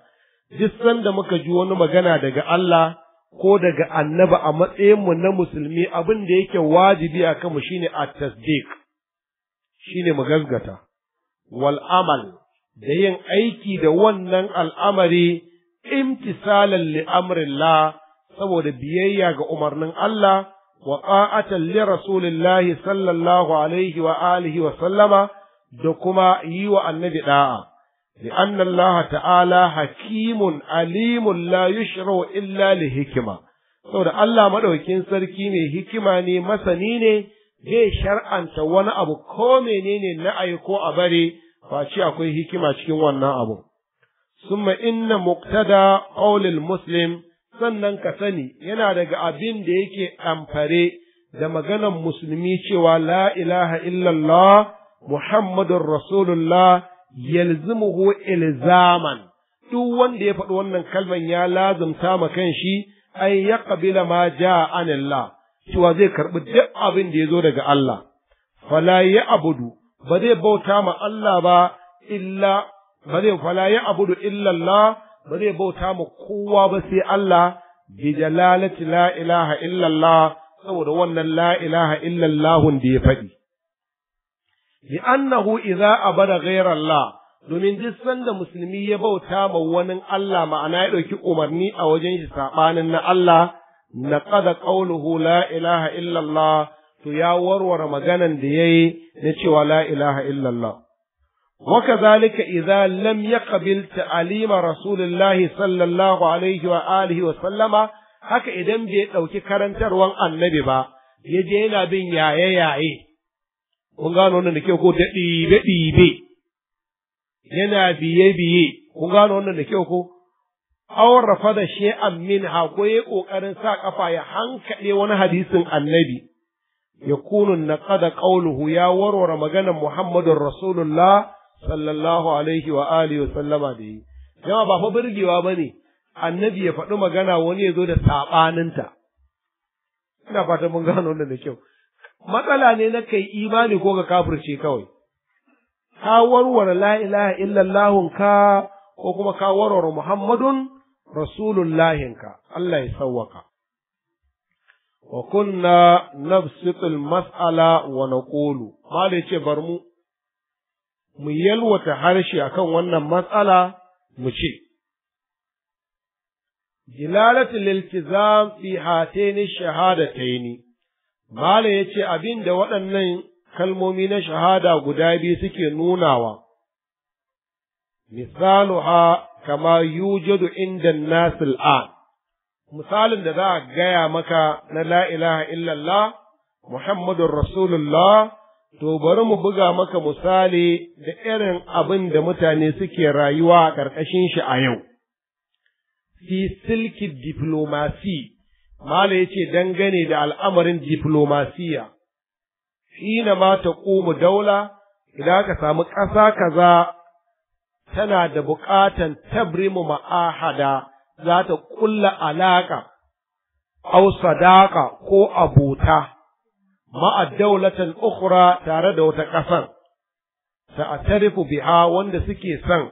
duk sanda muka ji wani magana daga Allah ko daga annaba a matsayinmu na musulmi abin da yake wajibi a kanmu shine at-tasdiq shine mu gazgata wal amal da yin aiki da wannan al'amari imtisalan li'amrillah saboda biyayya ga umarnin Allah wa ƙa'atan li rasulillahi sallallahu alaihi wa alihi wa sallama da kuma yi wa annabi ɗa'a. لأن ta'ala hakimun alimun عليم لا illa إلا لحكمة saboda Allah madaukakin sarki mai hikima ne masani ne zai shar'anta wani abu ko menene na ayi ko a bare face akwai hikima cikin wannan abun summa inna muktada qawlil muslim sannan ka sani yana daga abin da yake amfare da maganan musulmi cewa la ilaha illallah muhammadun rasulullah yalzimuhu ilzaman duk wanda ya faɗi wannan kalman ya lazumta ma kan shi ai ya kabila ma ja anillah cewa zai karɓi duk abin da ya zo daga Allah fala ya abudu ba zai bauta ma Allah ba illa ba zai fala ya abudu illallah ba zai bauta ma kowa ba sai Allah bi jalalati la ilaha illallah saboda wannan la ilaha illallahun da ya faɗi li annahu idza abada ghayra Allah domin duk sanda musulmi ya bauta ma wani Allah ma'ana ya ɗauki umarni a wajen shi saɓanin na Allah na ƙada ƙauluhu la ilaha illallah to ya warware maganan da yayi na cewa la ilaha illallah wa kadhalika idza lam yaqbil ta'alima Rasulullahi sallallahu alaihi wa alihi wa sallama haka idan bai dauki karantarwan annabi ba yaje yana bin yaye yaye kun gano wannan da kyau ko da ɗibe ɗibe yana biye biye kun gano wannan da kyau ko awar rafa da shi'an min ha ko ya ƙoƙarin sa ƙafa ya hankaɗe wani hadisin annabi yakunu naqada qawluhu ya warware maganar Muhammadu Rasulullah sallallahu alaihi wa alihi wa sallama da yi ba fa bane annabi ya faɗi magana wani ya zo da saɓaninta ina fata mun gano wannan da kyau matsala ne na kai imani ko ka kafirce kawai ka warware la ilaha illallahun ka ko kuma ka warware muhammadun rasulullahin ka Allah ya sawwaka wa kunna nafsitul mas'ala wa naqulu malai ce bar mu mu yalwata harshe akan wannan matsala mu ce dilalatul iltizam fi hataini shahadataini ya yace abin da waɗannan kalmomi na shahada guda biyu suke nunawa misaluha kama yujadu inda nasil an misalin da za a gaya maka na la ilaha illallah Muhammadun Rasulullah to bari mu buga maka misali da irin abin da mutane suke rayuwa a ƙarƙashin shi a yau. Fi silki diplomasi, Mala ya ce dangane da al'amarin diplomasiya, na ma ta ƙomu daula idan ka samu ƙasa kaza tana da buƙatan tabrimu ma'ahada. za ta kulla alaka au sadaka ko abota ma'a daulatan ukhra tare da wata ƙasar ta tarifu biha wanda suke son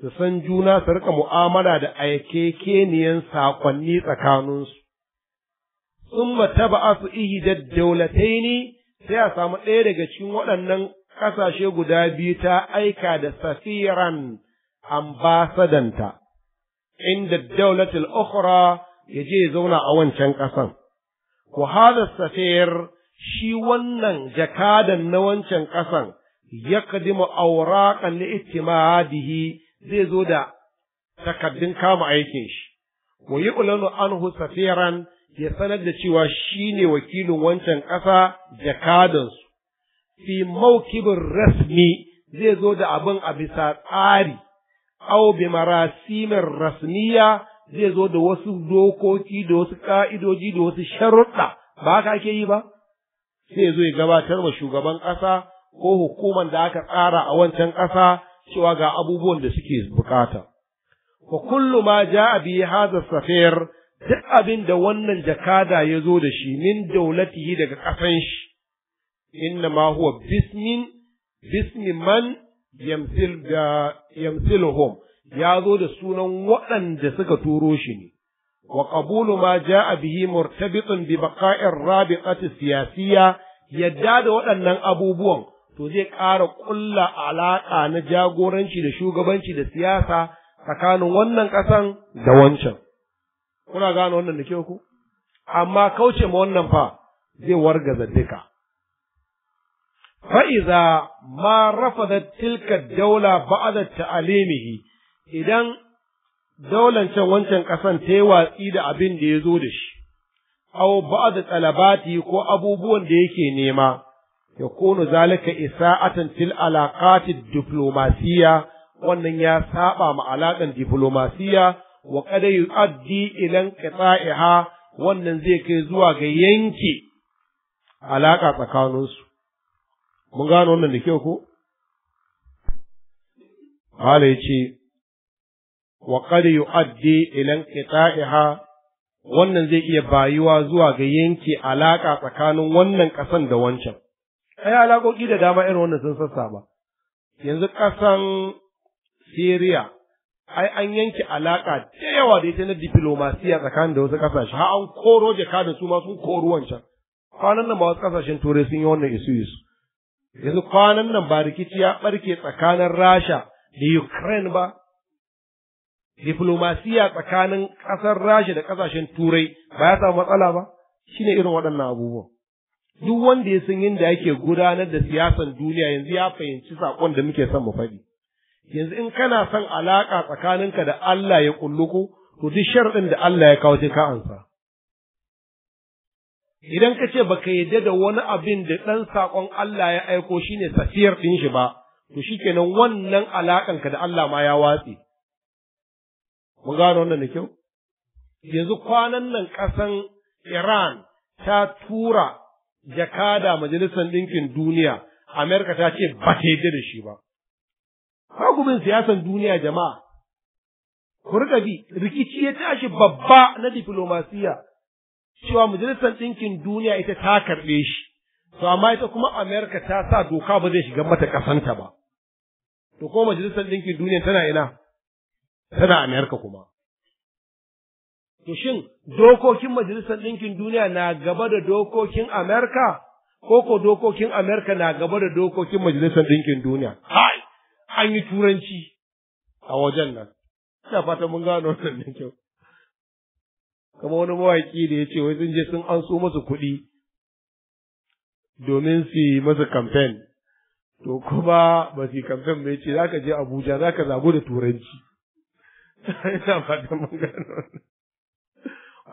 su san juna su rika mu'amala da keniyan saƙonni tsakaninsu summa ihi ihdad ne sai a samu ɗaya daga cikin waɗannan ƙasashe guda biyu ta aika da safiran ambasadanta inda daulatul ukhra ya je ya zauna a wancan ƙasan. Wa hada safir shi wannan jakadan na wancan ƙasan ya kadimu auraƙan itimadihi zai zo da takaddun kama aikin shi. Wa yi ulanu anhu safiran ya sanar da cewa shi ne wakilin wancan ƙasa jakadansu. Fi maukibin rasmi zai zo da abin a bisa tsari au bi marasimir rasmiya zai zo da wasu dokoki da wasu ka'idoji da wasu sharuɗa ba haka ake yi ba sai zo ya gabatar wa shugaban ƙasa ko hukuman da aka tsara a wancan ƙasa cewa ga abubuwan da suke bukata fa kullu ma ja'a bi hadha safir duk abin da wannan jakada ya zo da shi min daulatihi daga ƙasan shi inna ma huwa bismin bismi man yamsil da yamsiluhum ya zo da sunan waɗanda suka turo shi ne wa qabulu ma jaa bihi murtabitun bi baqa'ir rabiqati siyasiyya yadda da waɗannan abubuwan to zai ƙara ƙulla alaƙa na jagoranci da shugabanci da siyasa tsakanin wannan ƙasan da wancan kuna gane wannan da ke ku amma kauce ma wannan fa zai wargaza duka fa'iza ma da tilka daula ba'da ta'alimihi idan daulan wancan ƙasan ta yi watsi da abin da ya zo da shi, aw ba'da talabati ko abubuwan da yake nema, ya kunu zalika isa'atan til alaƙati diplomasiya wannan ya saba ma alaƙan diplomasiya wa kada yu'addi ilan wannan zai kai zuwa ga yanke alaƙa tsakaninsu. mun gano wannan da kyau ko qala yace wa qad yu'addi ila inqita'iha wannan zai iya bayuwa zuwa ga yanke alaƙa tsakanin wannan ƙasan da wancan. Ai alaƙoƙi da dama irin wannan sun sassa ba. Yanzu ƙasan Syria ai an yanke alaƙa da yawa da ita na diplomasiya tsakanin da wasu ƙasashe, har an koro jaka da su ma sun koro wancan. Kwanan nan ba wasu ƙasashen Turai sun yi wannan isu isu. yanzu kwanan nan ba rikici ya ɓarke tsakanin rasha da ukraine ba diplomasiya tsakanin ƙasar rasha da ƙasashen turai ba ya samu matsala ba Shi ne irin waɗannan abubuwan duk wanda ya san yadda ake gudanar da siyasar duniya yanzu ya fahimci saƙon da muke son mu faɗi yanzu in kana son alaƙa tsakaninka da Allah ya kulluko to duk sharɗin da Allah ya kawo sai ka ansa idan ka ce baka yadda da wani abin da ɗan saƙon Allah ya aiko shi ne safiyar ɗin shi ba, to shi kenan wannan alaƙanka da Allah ma ya watse. Mun gano wannan da kyau? Yanzu kwanan nan ƙasan Iran ta tura jakada majalisar ɗinkin duniya, Amerika ta ce ba ta yadda da shi ba. Kagubin siyasan duniya jama'a, ku riƙa bi rikici ya tashi babba na diflomasiyya cewa majalisar ɗinkin duniya ita ta karɓe shi to amma ita kuma amerika ta sa doka ba zai shiga mata kasanta ba to ko majalisar ɗinkin duniya tana ina tana amerika kuma to shin dokokin majalisar ɗinkin duniya na gaba da dokokin amerika ko ko dokokin amerika na gaba da dokokin majalisar ɗinkin duniya an yi turanci a wajen nan ina fata mun gano wannan kyau kamar wani mawaƙi da ya ce wai sun je sun an so masu kuɗi domin su yi masa kamfen to kuma ba su yi kamfen ba ya ce za ka je abuja za ka zagu da turanci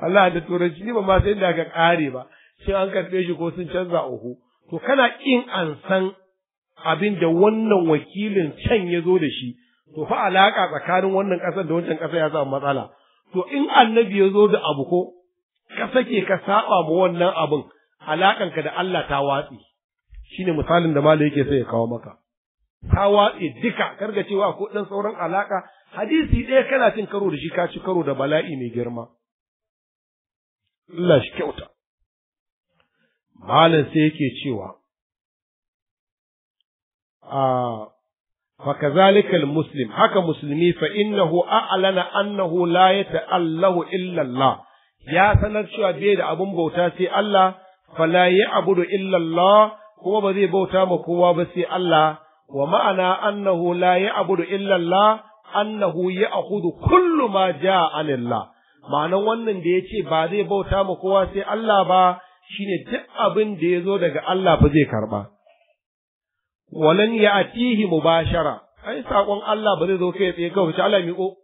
Allah da turanci ni ba ma sai da ka kare ba shi an karɓe shi ko sun canza uku to kana ƙin an san abin da wannan wakilin can ya zo da shi to fa alaka tsakanin wannan ƙasar da wancan ƙasar ya samu matsala to in annabi ya zo da abu ko ka sake ka saba ma wannan abin alakanka da Allah ta watsi shine misalin da malai yake sai ya kawo maka ta watsi duka karga cewa ko dan sauran alaka hadisi ɗaya kana cin karo da shi ka ci karo da bala'i mai girma Allah shi kyauta malam sai yake cewa a ah, فكذلك المسلم هكا مسلمي فإنه أعلن أنه لا يتأله إلا الله يا سنر شو أبيد أبو بوتاتي الله فلا يعبد إلا الله هو بذي بوتا مكوا بسي الله ومعنى أنه لا يعبد إلا الله أنه يأخذ كل ما جاء عن الله ma'anan wannan da ya ce ba zai bauta ma kowa sai Allah ba shine duk abin da ya zo daga Allah ba zai karba walan ya'tihi mubashara ai sakon Allah ba zai zo kai tsaye kawai Allah ko?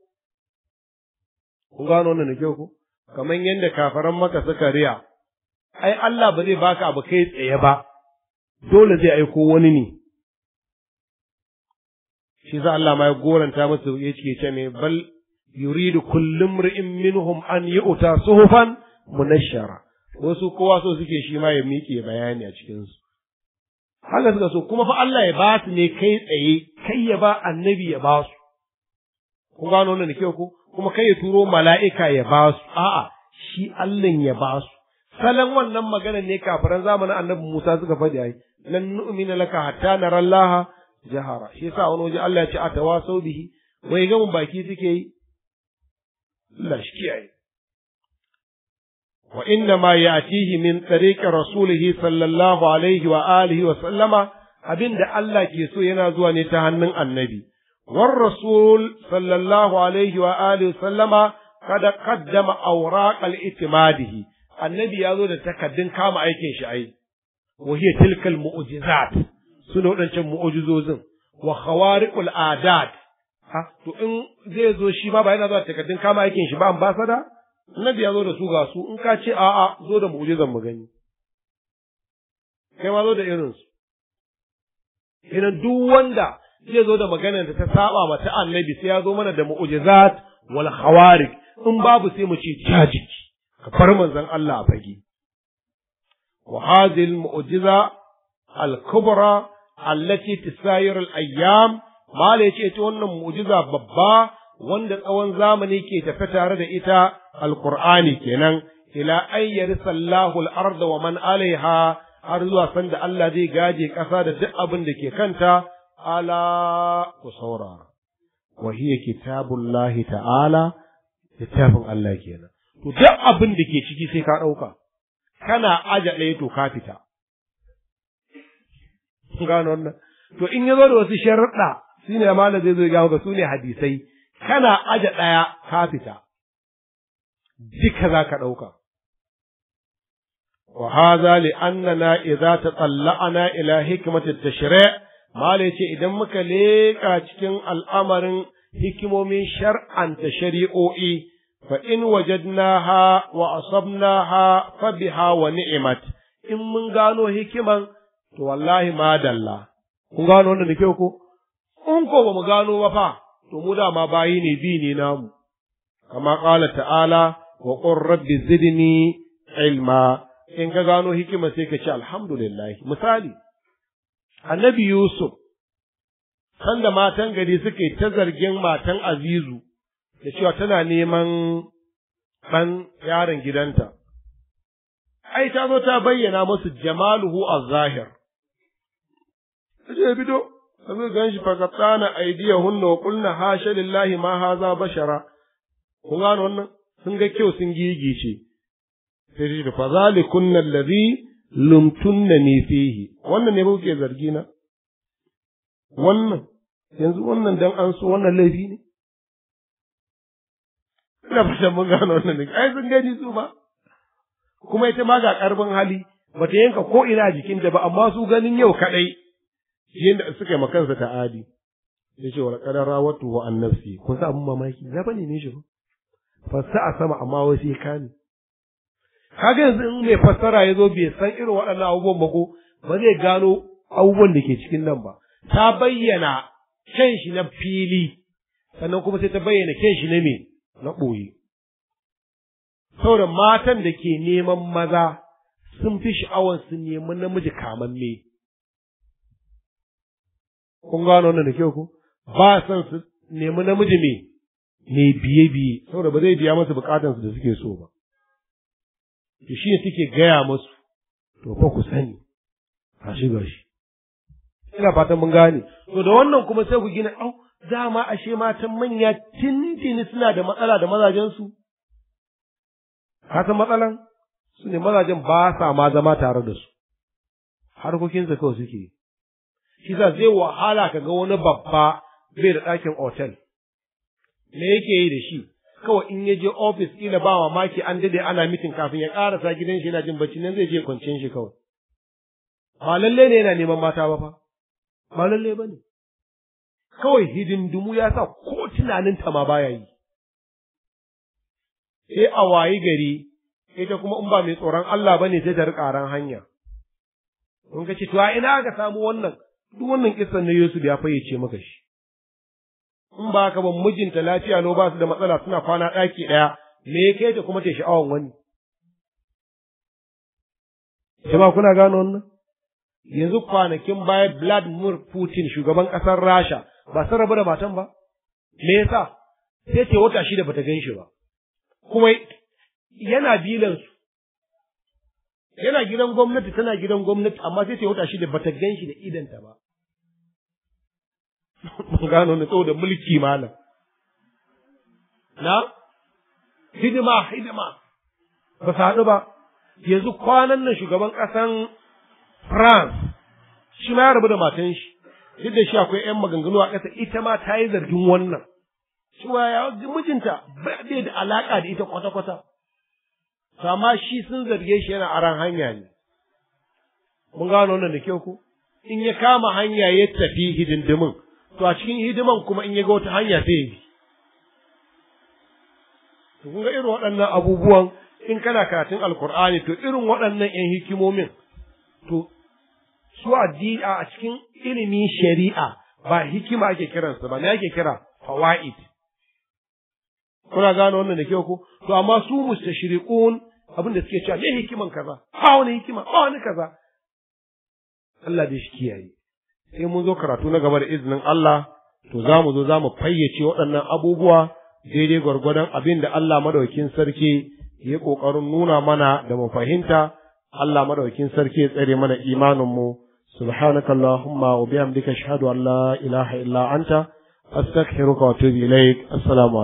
kun gano wannan kyau ko kamar yadda kafaran maka suka riya ai Allah ba zai baka abu kai tsaye ba dole zai aiko wani ne shi za Allah ma ya goranta musu ya ce ce mai bal yuridu kullum ri'in minhum an yu'ta suhufan munashshara wasu kowa so suke shi ma ya miƙe bayani a cikinsu haka suka so kuma fa Allah ya ba su ne kai tsaye kai ya ba annabi ya ba su ku gano wannan da kyau ko kuma kai ya turo mala'ika ya ba su a'a shi Allah ya ba su salon wannan maganar ne kafiran zamanin annabi Musa suka faɗi ai lan nu'mina laka hatta nara Allah jahara shi yasa wani waje Allah ya ce atawasau bihi wai gamin baki suke yi Allah shi kiyaye wa inna ma ya'tihi min tariqi rasulihi sallallahu alaihi wa alihi wa sallama abinda Allah ke so yana zuwa ne ta hannun annabi war rasul sallallahu alaihi wa alihi wa sallama kada qaddama awraq al-itimadihi annabi ya zo da takaddun kama aikin shi ai wa hiya tilkal mu'jizat suna wadancan mu'jizozin wa khawariqul adat ha to in zai zo shi ma ba yana zuwa takaddun kama aikin shi ba ambasada annabi ya zo da su ga su in ka ce a'a zo da mu'jizan mu gani kai ma zo da irin su idan duk wanda zai zo da maganar da ta saba ma ta annabi sai ya zo mana da mu'jizat wal khawarij in babu sai mu ce jajiki ka far manzon Allah a fage wa hadhil mu'jiza al kubra allati tisayir al ayyam mala yace ita wannan mu'jiza babba wanda tsawon zamani ke tafe tare da ita Alƙur'ani kenan ila ayyari sallahu al-arda wa man alaiha har zuwa sanda Allah zai gaje ƙasa da duk abin da ke kanta ala ku saurara wa hiya kitabullahi ta'ala kitabun Allah kenan to duk abin da ke ciki sai ka ɗauka kana aja ɗaya to ka fita gano wannan to in ya zo da wasu sharuɗa shine malam zai zo ya ga su ne hadisai kana aja ɗaya ka fita duka za ka ɗauka wa haza li annana idza tatalla'ana ila ta tashri' mala ce, idan muka leƙa cikin al'amarin hikimomin shar'anta shari'o'i fa in wajadnaha wa ha, fa ha, wa ni'mat in mun gano hikiman to wallahi madalla kun gano wanda da kyau ko in ko ba mu gano ba fa to mu dama bayi ne bi ne namu kama ƙala ta'ala wa qur rabbi zidni ilma in ka gano hikima sai ka ce alhamdulillah misali annabi yusuf sanda matan gari suke ta zargin matan azizu da cewa tana neman ɗan yaron gidanta ai ta zo ta bayyana musu jamaluhu a zahir sai bido kazo ganshi faqatana aydiyahunna wa qulna hasha lillahi ma haza bashara ku gano wannan sun ga kyau sun gigice sai shi da fazalikun allazi lumtunna ne fihi wannan ne kuke zargi na wannan yanzu wannan dan an so wannan laifi ne ina fata mun gano wannan ne ai sun gani su ba kuma ita ma ga karbin hali bata yanka ko ina jikin da ba amma su ganin yau kadai da suka yi makansa ta'adi ya ce wa kadar rawatu wa nafsi kun sa abun mamaki zaba ne ne shi ba fassa a sama amma wasu ya kame kaga yanzu in mai fassara ya zo bai san irin waɗannan abubuwan ba ko ba zai gano abubuwan da ke cikin nan ba ta bayyana kyan shi na fili sannan kuma sai ta bayyana kyan shi na me na ɓoye saboda matan da ke neman maza sun fi sha'awar su neman namiji kamamme kun gano wannan da kyau ko ba san su nemi namiji me ne biye biye saboda ba zai biya masa bukatansu da suke so ba to shi ne suke gaya masu to fa ku sani ba gashi ina fatan mun gane to da wannan kuma sai ku gina au dama ashe matan manya tintini suna da matsala da mazajensu san matsalan su ne mazajen ba sa ma zama tare da su harkokinsa kawai suke shi sa zai wahala ka ga wani babba bai da ɗakin otel me yake yi da shi kawai in ya je ofis ina ba mamaki an dade ana mitin kafin ya karasa gidan shi yana jin bacci nan zai je kwanciyar shi kawai ba lalle ne yana neman mata ba fa ba lalle ba ne kawai hidindimu ya sa ko tunanin ta ma baya yi sai a wayi gari ita kuma in ba mai tsoron Allah ba ne sai ta hanya kun ga cewa ina ka samu wannan duk wannan kisan na Yusuf ya fayyace maka shi in ba haka ba mijinta lafiya no ba su da matsala suna kwana ɗaki ɗaya me ya kai ta kuma ta sha'awan wani jama kuna gano wannan yanzu kwanakin baya Vladimir Putin shugaban ƙasar Rasha ba sun rabu da matan ba me yasa sai ce wata da bata gan shi ba kuma yana bilan su yana gidan gwamnati tana gidan gwamnati amma sai ce wata da bata gan shi da idanta ba mun gano ne saboda mulki malam na hidima hidima ba su haɗu ba yanzu kwanan nan shugaban ƙasan France shi ma ya rabu da matan shi duk da shi akwai 'yan maganganu a ƙasa ita ma ta yi zargin wannan cewa ya mijinta bai da alaƙa da ita kwata-kwata amma shi sun zarge shi yana aran hanya ne mun gano wannan da kyau ko in ya kama hanya ya tafi hidindimin to a cikin hidiman kuma in yaga wata hanya sai yi. to kun ga irin waɗannan abubuwan in kana karatun alkur'ani to irin waɗannan yan hikimomin to su a cikin ilimin shari'a ba hikima ake kiransa ba ne ake kira fawaid kuna gane wannan da kyau ko to amma su mustashriqun abin da suke cewa me hikiman kaza ba wani hikima ba wani kaza Allah bai shi kiyaye sai mun zo karatu na gaba da izinin Allah to za mu zo za mu fayyace waɗannan abubuwa daidai gwargwadon abin da Allah madaukin sarki ya ƙoƙarin nuna mana da mu fahimta Allah madaukin sarki ya tsare mana imaninmu subhanaka allahumma wa bihamdika ashhadu an la ilaha illa anta astaghfiruka wa atubu ilaik assalamu